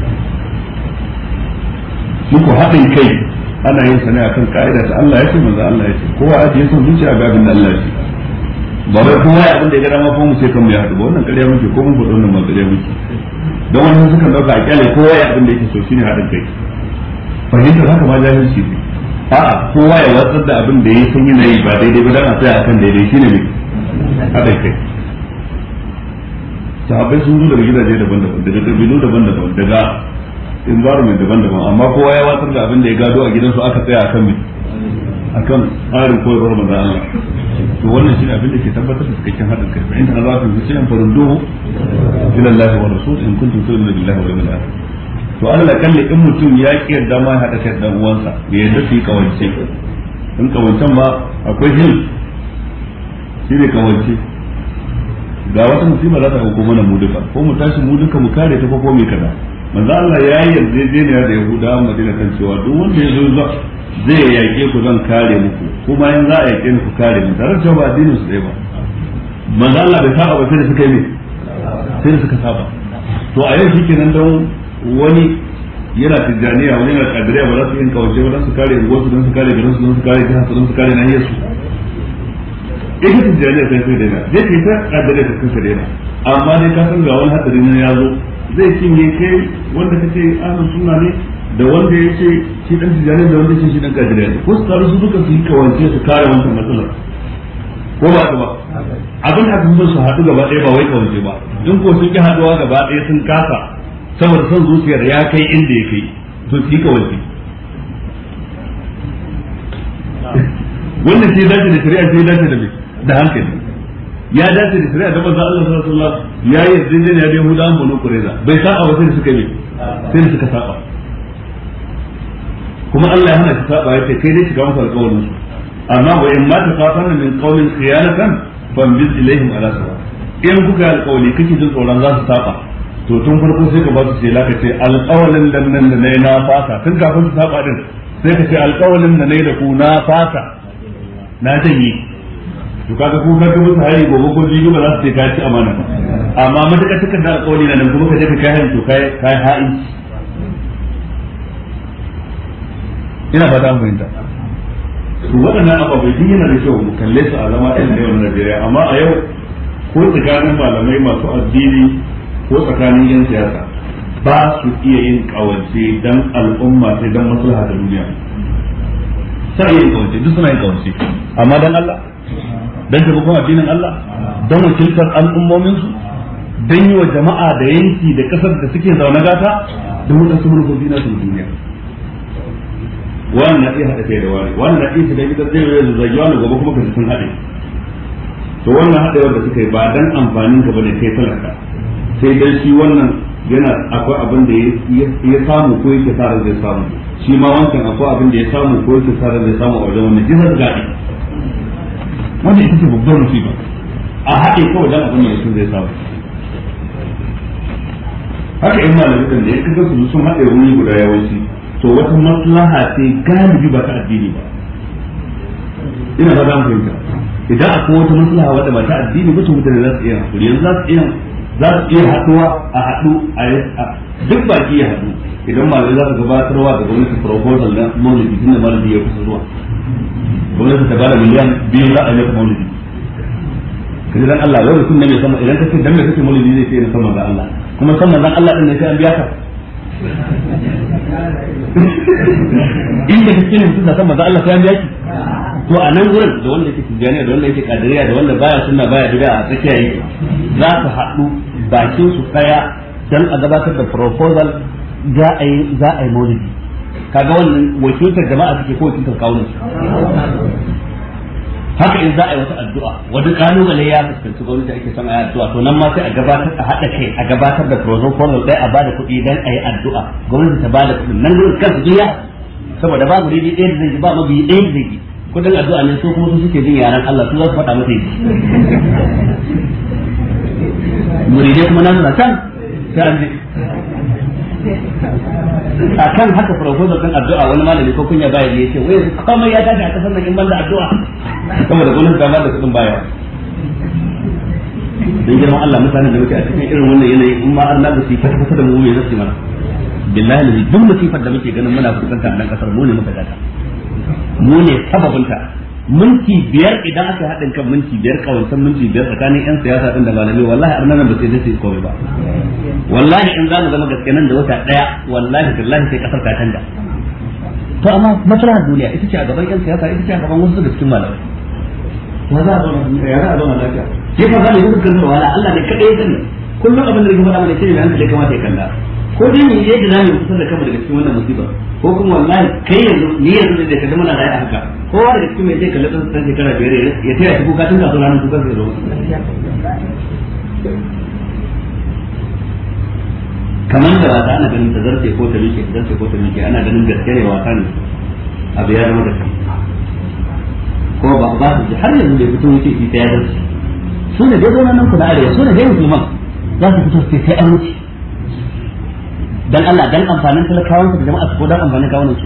muku haɗin kai ana yin sa ne akan ka'ida ta Allah ya ce manzo Allah ya ce kowa ajiye son zuciya ga abin da Allah ya ce ba wai kowa ya abin da ya ga dama ko mu ce kan mu ya haɗu ba wannan ƙarya muke ko mun faɗi wannan ma ƙarya muke don wani sukan ɗauka a kyale kowa ya abin da yake so shine haɗin kai fahimtar haka ma jahilci ne a'a kowa ya watsar da abin da ya san yana yi ba daidai ba dan a tsaya akan daidai shine ne haɗin kai sahabbai sun zuwa da gidaje daban-daban daga ƙabilu daban-daban daga environment daban-daban amma kowa ya watsar da abin da ya gado a gidansu aka tsaya akan mai akan tsarin koyarwar manzon Allah to wannan shine abin da ke tabbatar da cikakken hadin kai in ta zafi ila Allah wa rasul in kuntum tu'minuna billahi yawmil akhir to Allah kalle in mutum ya ki yarda ma hada kai dan uwansa ya yarda kawance in kawancen akwai hin kawance ga wata za ta hukuma na mu duka ko mu tashi mu duka mu kare ta ko mai kaza manzo Allah ya yi yarjejeniya da Yahudawa Madina kan cewa duk wanda ya zo zai yaƙe ku zan kare muku kuma in za a yaƙe ku kare mu tare da ba addinin su ɗaya ba manzo Allah bai saba ba sai da suka yi sai da suka saba to a yau nan dan wani yana tijjaniya wani yana kadiriya ba za su yin kawace ba za su kare su don su kare su don su kare su don su kare su ita tijjaniya sai sai daina zai ke ta kadiriya ta kansa daina amma dai ka san ga wani hatsari na ya zo zai cinye kai wanda kace ana sunna ne da wanda ya ce shi dan tijani da wanda ya ce shi dan gajira ne ko su su duka su yi kawance su kare wannan matsalar ko ba ba abin da kuma su haɗu gaba ɗaya ba wai kawance ba in ko sun ki haɗuwa gaba ɗaya sun kasa saboda son zuciyar ya kai inda ya kai to su yi kawance wannan sai dace da shari'a sai dace da da hankali ya dace da shari'a da manzo Allah sallallahu alaihi wasallam ya yi yarjejeniya da an banu Qurayza bai sa'a ba sai suka yi sai suka saba kuma Allah ya hana shi saba ce kai dai shiga masa alƙawarin su amma wa in ma ta fatan min qawlin khiyanatan fam biz ilaihim ala sawa in kuka alƙawari kake jin tsoron za su saba to tun farko sai ka ba su shela ka ce alƙawarin da nan da nayi na fasa tun kafin su saba din sai ka ce alƙawarin da nayi da ku na fasa na janye to kaga ko kaga musu hari gobe ko jibi ba za su ce ka ci amana amma madaka takan da alƙawari na nan kuma ka je ka kai hari to kai kai ha'in ina fata mu fahimta to waɗannan ababai duk yana da kyau mu kalle su a zama ɗin da yau na Najeriya amma a yau ko tsakanin malamai masu addini ko tsakanin yan siyasa ba su iya yin kawance dan al'umma sai dan maslaha ta duniya sai yin kawance duk suna yin kawance amma dan Allah dan taimakon addinin Allah dan wakiltar al'ummomin su dan yi wa jama'a da yanki da kasar da suke zaune gata da wadansu manufofi na su duniya wannan na iya haɗa kai da wani wannan na iya shiga gidan zai yi zagi wani gobe kuma ka ji sun hade to wannan haɗewar da suka yi ba dan amfanin ka bane kai talaka sai dai shi wannan yana akwai abin da ya samu ko yake sa zai samu shi ma wancan akwai abin da ya samu ko yake sa zai samu a wajen wannan jihar gadi wanda ita ce babbar musiba a haɗe kawai dan abin da mutum zai samu haka in malami kan da ya kaga su sun haɗe wuri guda yawanci to wata maslaha ce galibi ba ta addini ba ina ba za mu fahimta idan akwai wata maslaha wadda ba ta addini ba to mutane za su iya hakuri yanzu za su iya za su iya haɗuwa a haɗu a duk baki ya haɗu idan malamai za su gabatarwa da gwamnati proposal na maulidi tun da maulidi ya kusa zuwa gwamnati ta bada miliyan biyu za a yi maulidi kaji dan Allah wai sun nemi sama idan kace dan me kake maulidi zai ce na sama ga Allah kuma san manzon Allah din ne sai an biya ka inda kake ne mutum san manzon Allah sai an biya ki to a nan wurin da wanda yake tijjaniya da wanda yake kadiriya da wanda baya sunna baya bid'a a tsakiya yi za su haɗu bakin su kaya dan a gabatar da proposal za a yi a yi maulidi kaga wannan wakiltar jama'a suke ko wakiltar kawunan su haka in za a yi wata addu'a wani kalubale ya fuskanci gwamnati ake son a yi addu'a to nan ma sai a gabatar a haɗa kai a gabatar da protocol ɗaya a bada kuɗi don a yi addu'a gwamnati ta bada kuɗi nan gurin kansu jiya saboda ba muridi ɗaya da zai ba biyu ɗaya da zai kudin addu'a ne su kuma su suke jin yaran Allah su za su faɗa masa yi muridai kuma nan na can sai an a kan haka proposal kan addu'a wani malami ko kunya baya ne yace wai komai ya tafi a kasar nan in banda addu'a saboda gwamnati ta ba da kudin baya dan girman Allah mutanen da muke a cikin irin wannan yanayi in ma Allah da sifar kasa da mu me zai mana billahi ne duk musifar da muke ganin muna fuskanta a nan kasar mu ne muka gata mu ne sababinta minti biyar idan aka haɗin kan minti biyar kawai san minti biyar tsakanin yan siyasa din da malamai wallahi arna nan ba sai dace sai ba wallahi in za mu zama gaske nan da wata daya wallahi billahi sai kasar ta canza to amma matsalar duniya ita ce a gaban yan siyasa ita ce a gaban wasu da cikin malamai wa za a zauna ya za a zauna lafiya ya fa za mu yi dukkan wala Allah ne kadai ya sani kullum abin da ya faɗa mana shi ne hankali kamata ya kalla ko dai mu yi yadda zamu kusa da kanmu daga cikin wannan musiba ko kuma wallahi kai yanzu ni yanzu da kada zama na rayu haka kowa da cikin mai zai kalli ɗan san shekara biyar ya taya su kuka tun kasuwa ranar kuka zai zo kamar da wata ana ganin ta zarce ko ta miƙe zarce ko ta miƙe ana ganin gaske ne ne abu ya zama kai ko ba ba su har yanzu bai fito wuce ta ya zarce su ne dai zo nan kuna arewa su ne dai musulman za su fito sai an wuce dan Allah dan amfanin talakawan da jama'a su ko dan amfanin kawunan su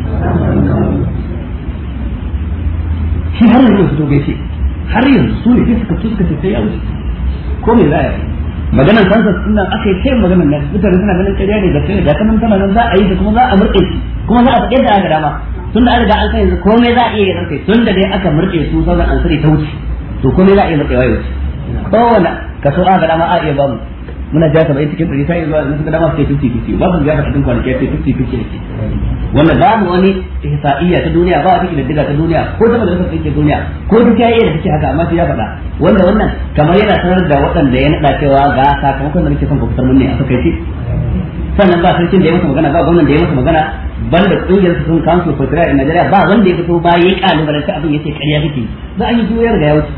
shi har yanzu su dobe shi har yanzu su ne suka tusu ce sai ya wuce ko me za a yi maganar kansa suna aka yi tayin maganar nan mutane suna ganin ƙarya ne da kai da kanan tana nan za a yi da kuma za a murƙe shi kuma za a faɗi da aka dama tun da an riga an san yanzu me za a iya yi kai tun da dai aka murƙe su sauran an sani ta wuce to me za a iya murƙewa ya wuce kowane kaso aka dama a iya bamu muna ja saba'in cikin ɗari sai zuwa yanzu suka dama suke fifty fifty ba su ja da cikin kwanaki sai fifty fifty ne wannan babu wani ihsa'iyya ta duniya ba wata kididdiga ta duniya ko ta majalisar ɗinkin duniya ko duk ya iya da take haka amma sai ya faɗa wanda wannan kamar yana sanar da waɗanda ya naɗa cewa ga sakamakon da muke son ku fitar mun ne a suka ce sannan ba sarkin da ya masa magana ba gwamnan da ya masa magana ban da kungiyar sun kansu fitira a Najeriya ba wanda ya fito ba ya yi kalubalance abin ya ce ƙarya kake za a yi juyar ga ya wuce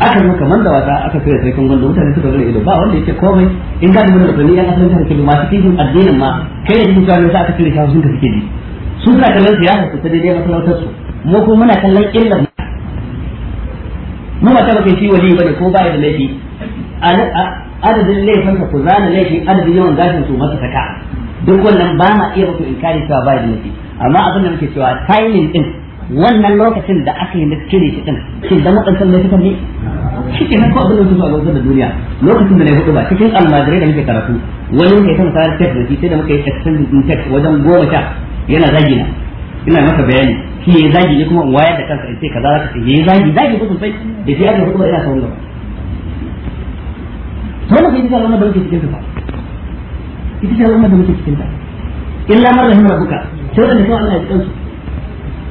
aka zo kaman da wata aka fere sai kan gondo mutane suka zura ido ba wanda yake komai in ka dubi da tsani yan asalin tare kilu masu kishin addinin ma kai da jikin tsarin aka kira shawo sun ka suke ji su suna kallon siyasa su ta daidai masarautar su mu ko muna kallon illar mu ba ta baka shi wali bane ko ba da laifi adadin laifin ka ku zana laifi adadin yawan gashin su masa saka duk wannan ba ma iya muku inkari cewa ba da laifi amma abin da muke cewa timing din wannan lokacin da aka yi cire shi din shi da mutuntan ne suka ne shi ke nan ko abin da su a da duniya lokacin da na hudu ba cikin almajirai da muke karatu wani ne kan fara test da shi sai da muka yi extended in wajen goma sha yana zagi na ina maka bayani shi ya zagi ne kuma wayar da kansa in ce kaza zaka ce ya zagi zagi ko sosai da shi aka hudu ba ina sa gaba to wannan kai da wannan da muke cikin ta ita ce wannan da muke cikin ta illa mara rahim rabbuka sai da Allah ya tsansu da ya ƙarshe da musu ban na idan ke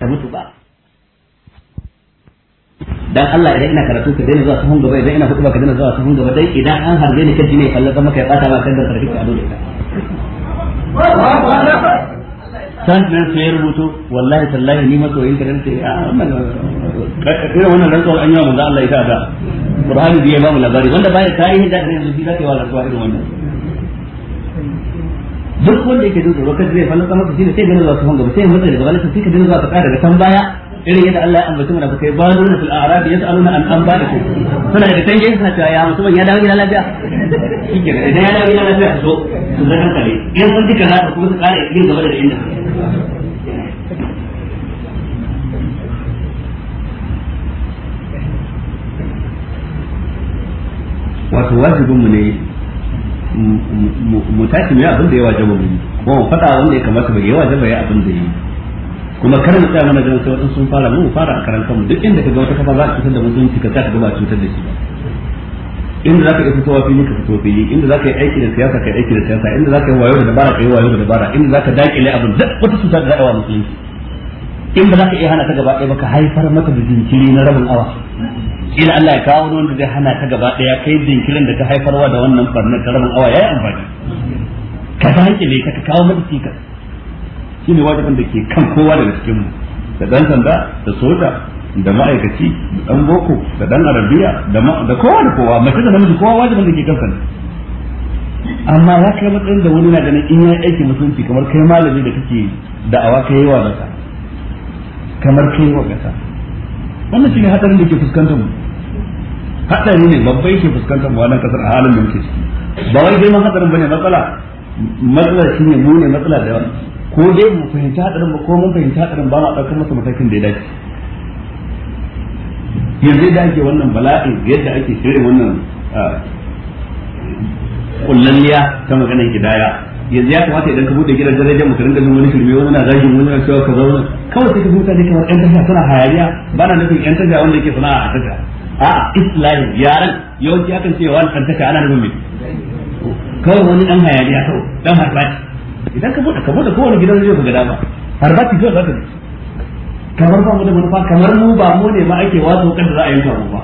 ta mutu ba dan Allah idan ina karatu ka daina zuwa sahun gaba idan ina hutuba ka daina zuwa sahun gaba dai idan an harbe ni kaji ne kallon maka kai bata ba kan da sarki ka dole ka san nan sai rubutu wallahi tallahi ni masoyin ka karanta a ah, wannan irin wannan rantsuwar an yi wa manzo Allah ita da Qur'ani bai ba mu labari wanda ta yi da ne yanzu zaka yi wa rantsuwa irin wannan duk wanda yake dutse wakar zai fallasa maka shine sai ganin wasu hanga sai mutane da balasa sai ka dinga zuwa ka da kan baya irin yadda Allah ya ambaci mana ba kai ba nuna fil a'rab yas'aluna an an da ku suna da tange suna cewa ya mutum ya dawo gida lafiya shikenan idan ya dawo gida lafiya so su zan hankali in sun ji kaza kuma su kare yin gaba da inda wato wajibin mu ne mu tashi mai abin da ya wajaba mu kuma mu faɗa abin da ya kamata mu ya wajaba ya abin da ya kuma karin da tsaya mana ganin sai wasu sun fara mu fara a karan mu duk inda ga wata kafa za ka fitar da musulunci ka ka ba cutar da shi ba inda zaka yi fitowa fili ka fito fili inda zaka yi aiki da siyasa ka yi aiki da siyasa inda zaka yi wayo da dabara ka yi wayo da dabara inda zaka dakile abin duk wata cuta da za a wa musulunci in ba za ka iya hana ta gaba ɗaya ba ka haifar mata da jinkiri na rabin awa Ina Allah ya kawo wani wanda zai hana ta gaba ɗaya kai jinkirin da ta haifarwa da wannan barnar ta rabin awa ya yi amfani ka sake ne ka kawo mata shi ne wajibin da ke kan kowa daga cikin mu da dan sanda da soja da ma'aikaci da dan boko da dan arabiya da da kowa da kowa mace da namiji kowa wajibin da ke kan sanda amma ya kai matsayin da wani na ganin in ya aiki mutunci kamar kai malami da kake da'awa kai yawa zaka kamar kai wa kasa wannan shine hadarin da ke fuskantar mu hadari ne babba yake fuskantar mu wannan kasar a halin da muke ciki ba wai girman hadarin bane matsala matsala shine mu ne matsala da yawa ko dai mu fahimci hadarin ba ko mun fahimci hadarin ba ma daukar masa matakin da ya dace yanzu da ake wannan bala'i yadda ake shirin wannan kullalliya ah, ta maganar gidaya yanzu ya kamata idan ka bude gidan darajar mutum da wani shirme wani na zagin wani na cewa ka zauna kawai sai ka huta ne kamar yan tasha suna hayaniya ba na nufin yan tasha wanda yake suna a tasha a islahi yaran yawanci akan ce wani kan tasha ana nufin mai kawai wani dan hayaniya kawai dan harbati idan ka bude ka bude kowane gidan rediyo ka ga dama harbati kawai za ka kamar ba mu da manufa kamar mu ba mu ne ma ake wato kan da za a yanka mu ba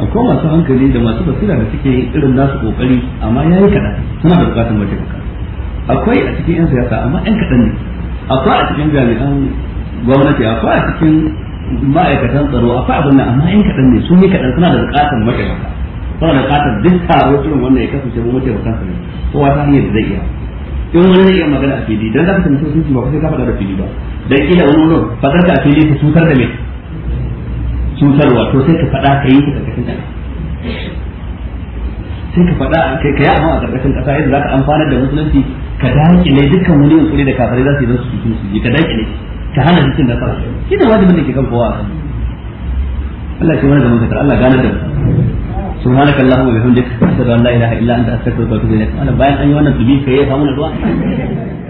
akwai masu hankali da masu basira da suke yin irin nasu kokari amma yayi kaɗan suna da bukatar mace akwai a cikin yan siyasa amma yan kaɗan ne akwai a cikin jami'an gwamnati akwai a cikin ma'aikatan tsaro akwai abin nan amma yan kaɗan ne su ne kaɗan suna da bukatar mace suna da bukatar duk taro irin wannan ya kasance mu mace baka ne kowa ta hanyar da zai iya in wani zai iya magana a fili dan za ka sosai sun ba sai ka faɗa da fili ba dan kila wani wurin fadar ka a fili ka cutar da mai cutarwa to sai ka faɗa ka yi ta karkashin ƙasa sai ka faɗa kai ka yi amma a karkashin ƙasa yadda za ka amfanar da musulunci ka daƙile dukkan wani yunkuri da kafirai za su yi don su cuci ji ka daƙile ka hana cikin fara shi ne wajibin da ke kan kowa a Allah shi wani zaman kasar Allah gane da سبحانك اللهم وبحمدك اشهد ان لا اله الا انت استغفرك واتوب اليك انا باين ان يوانا تبي كيف عمل الوقت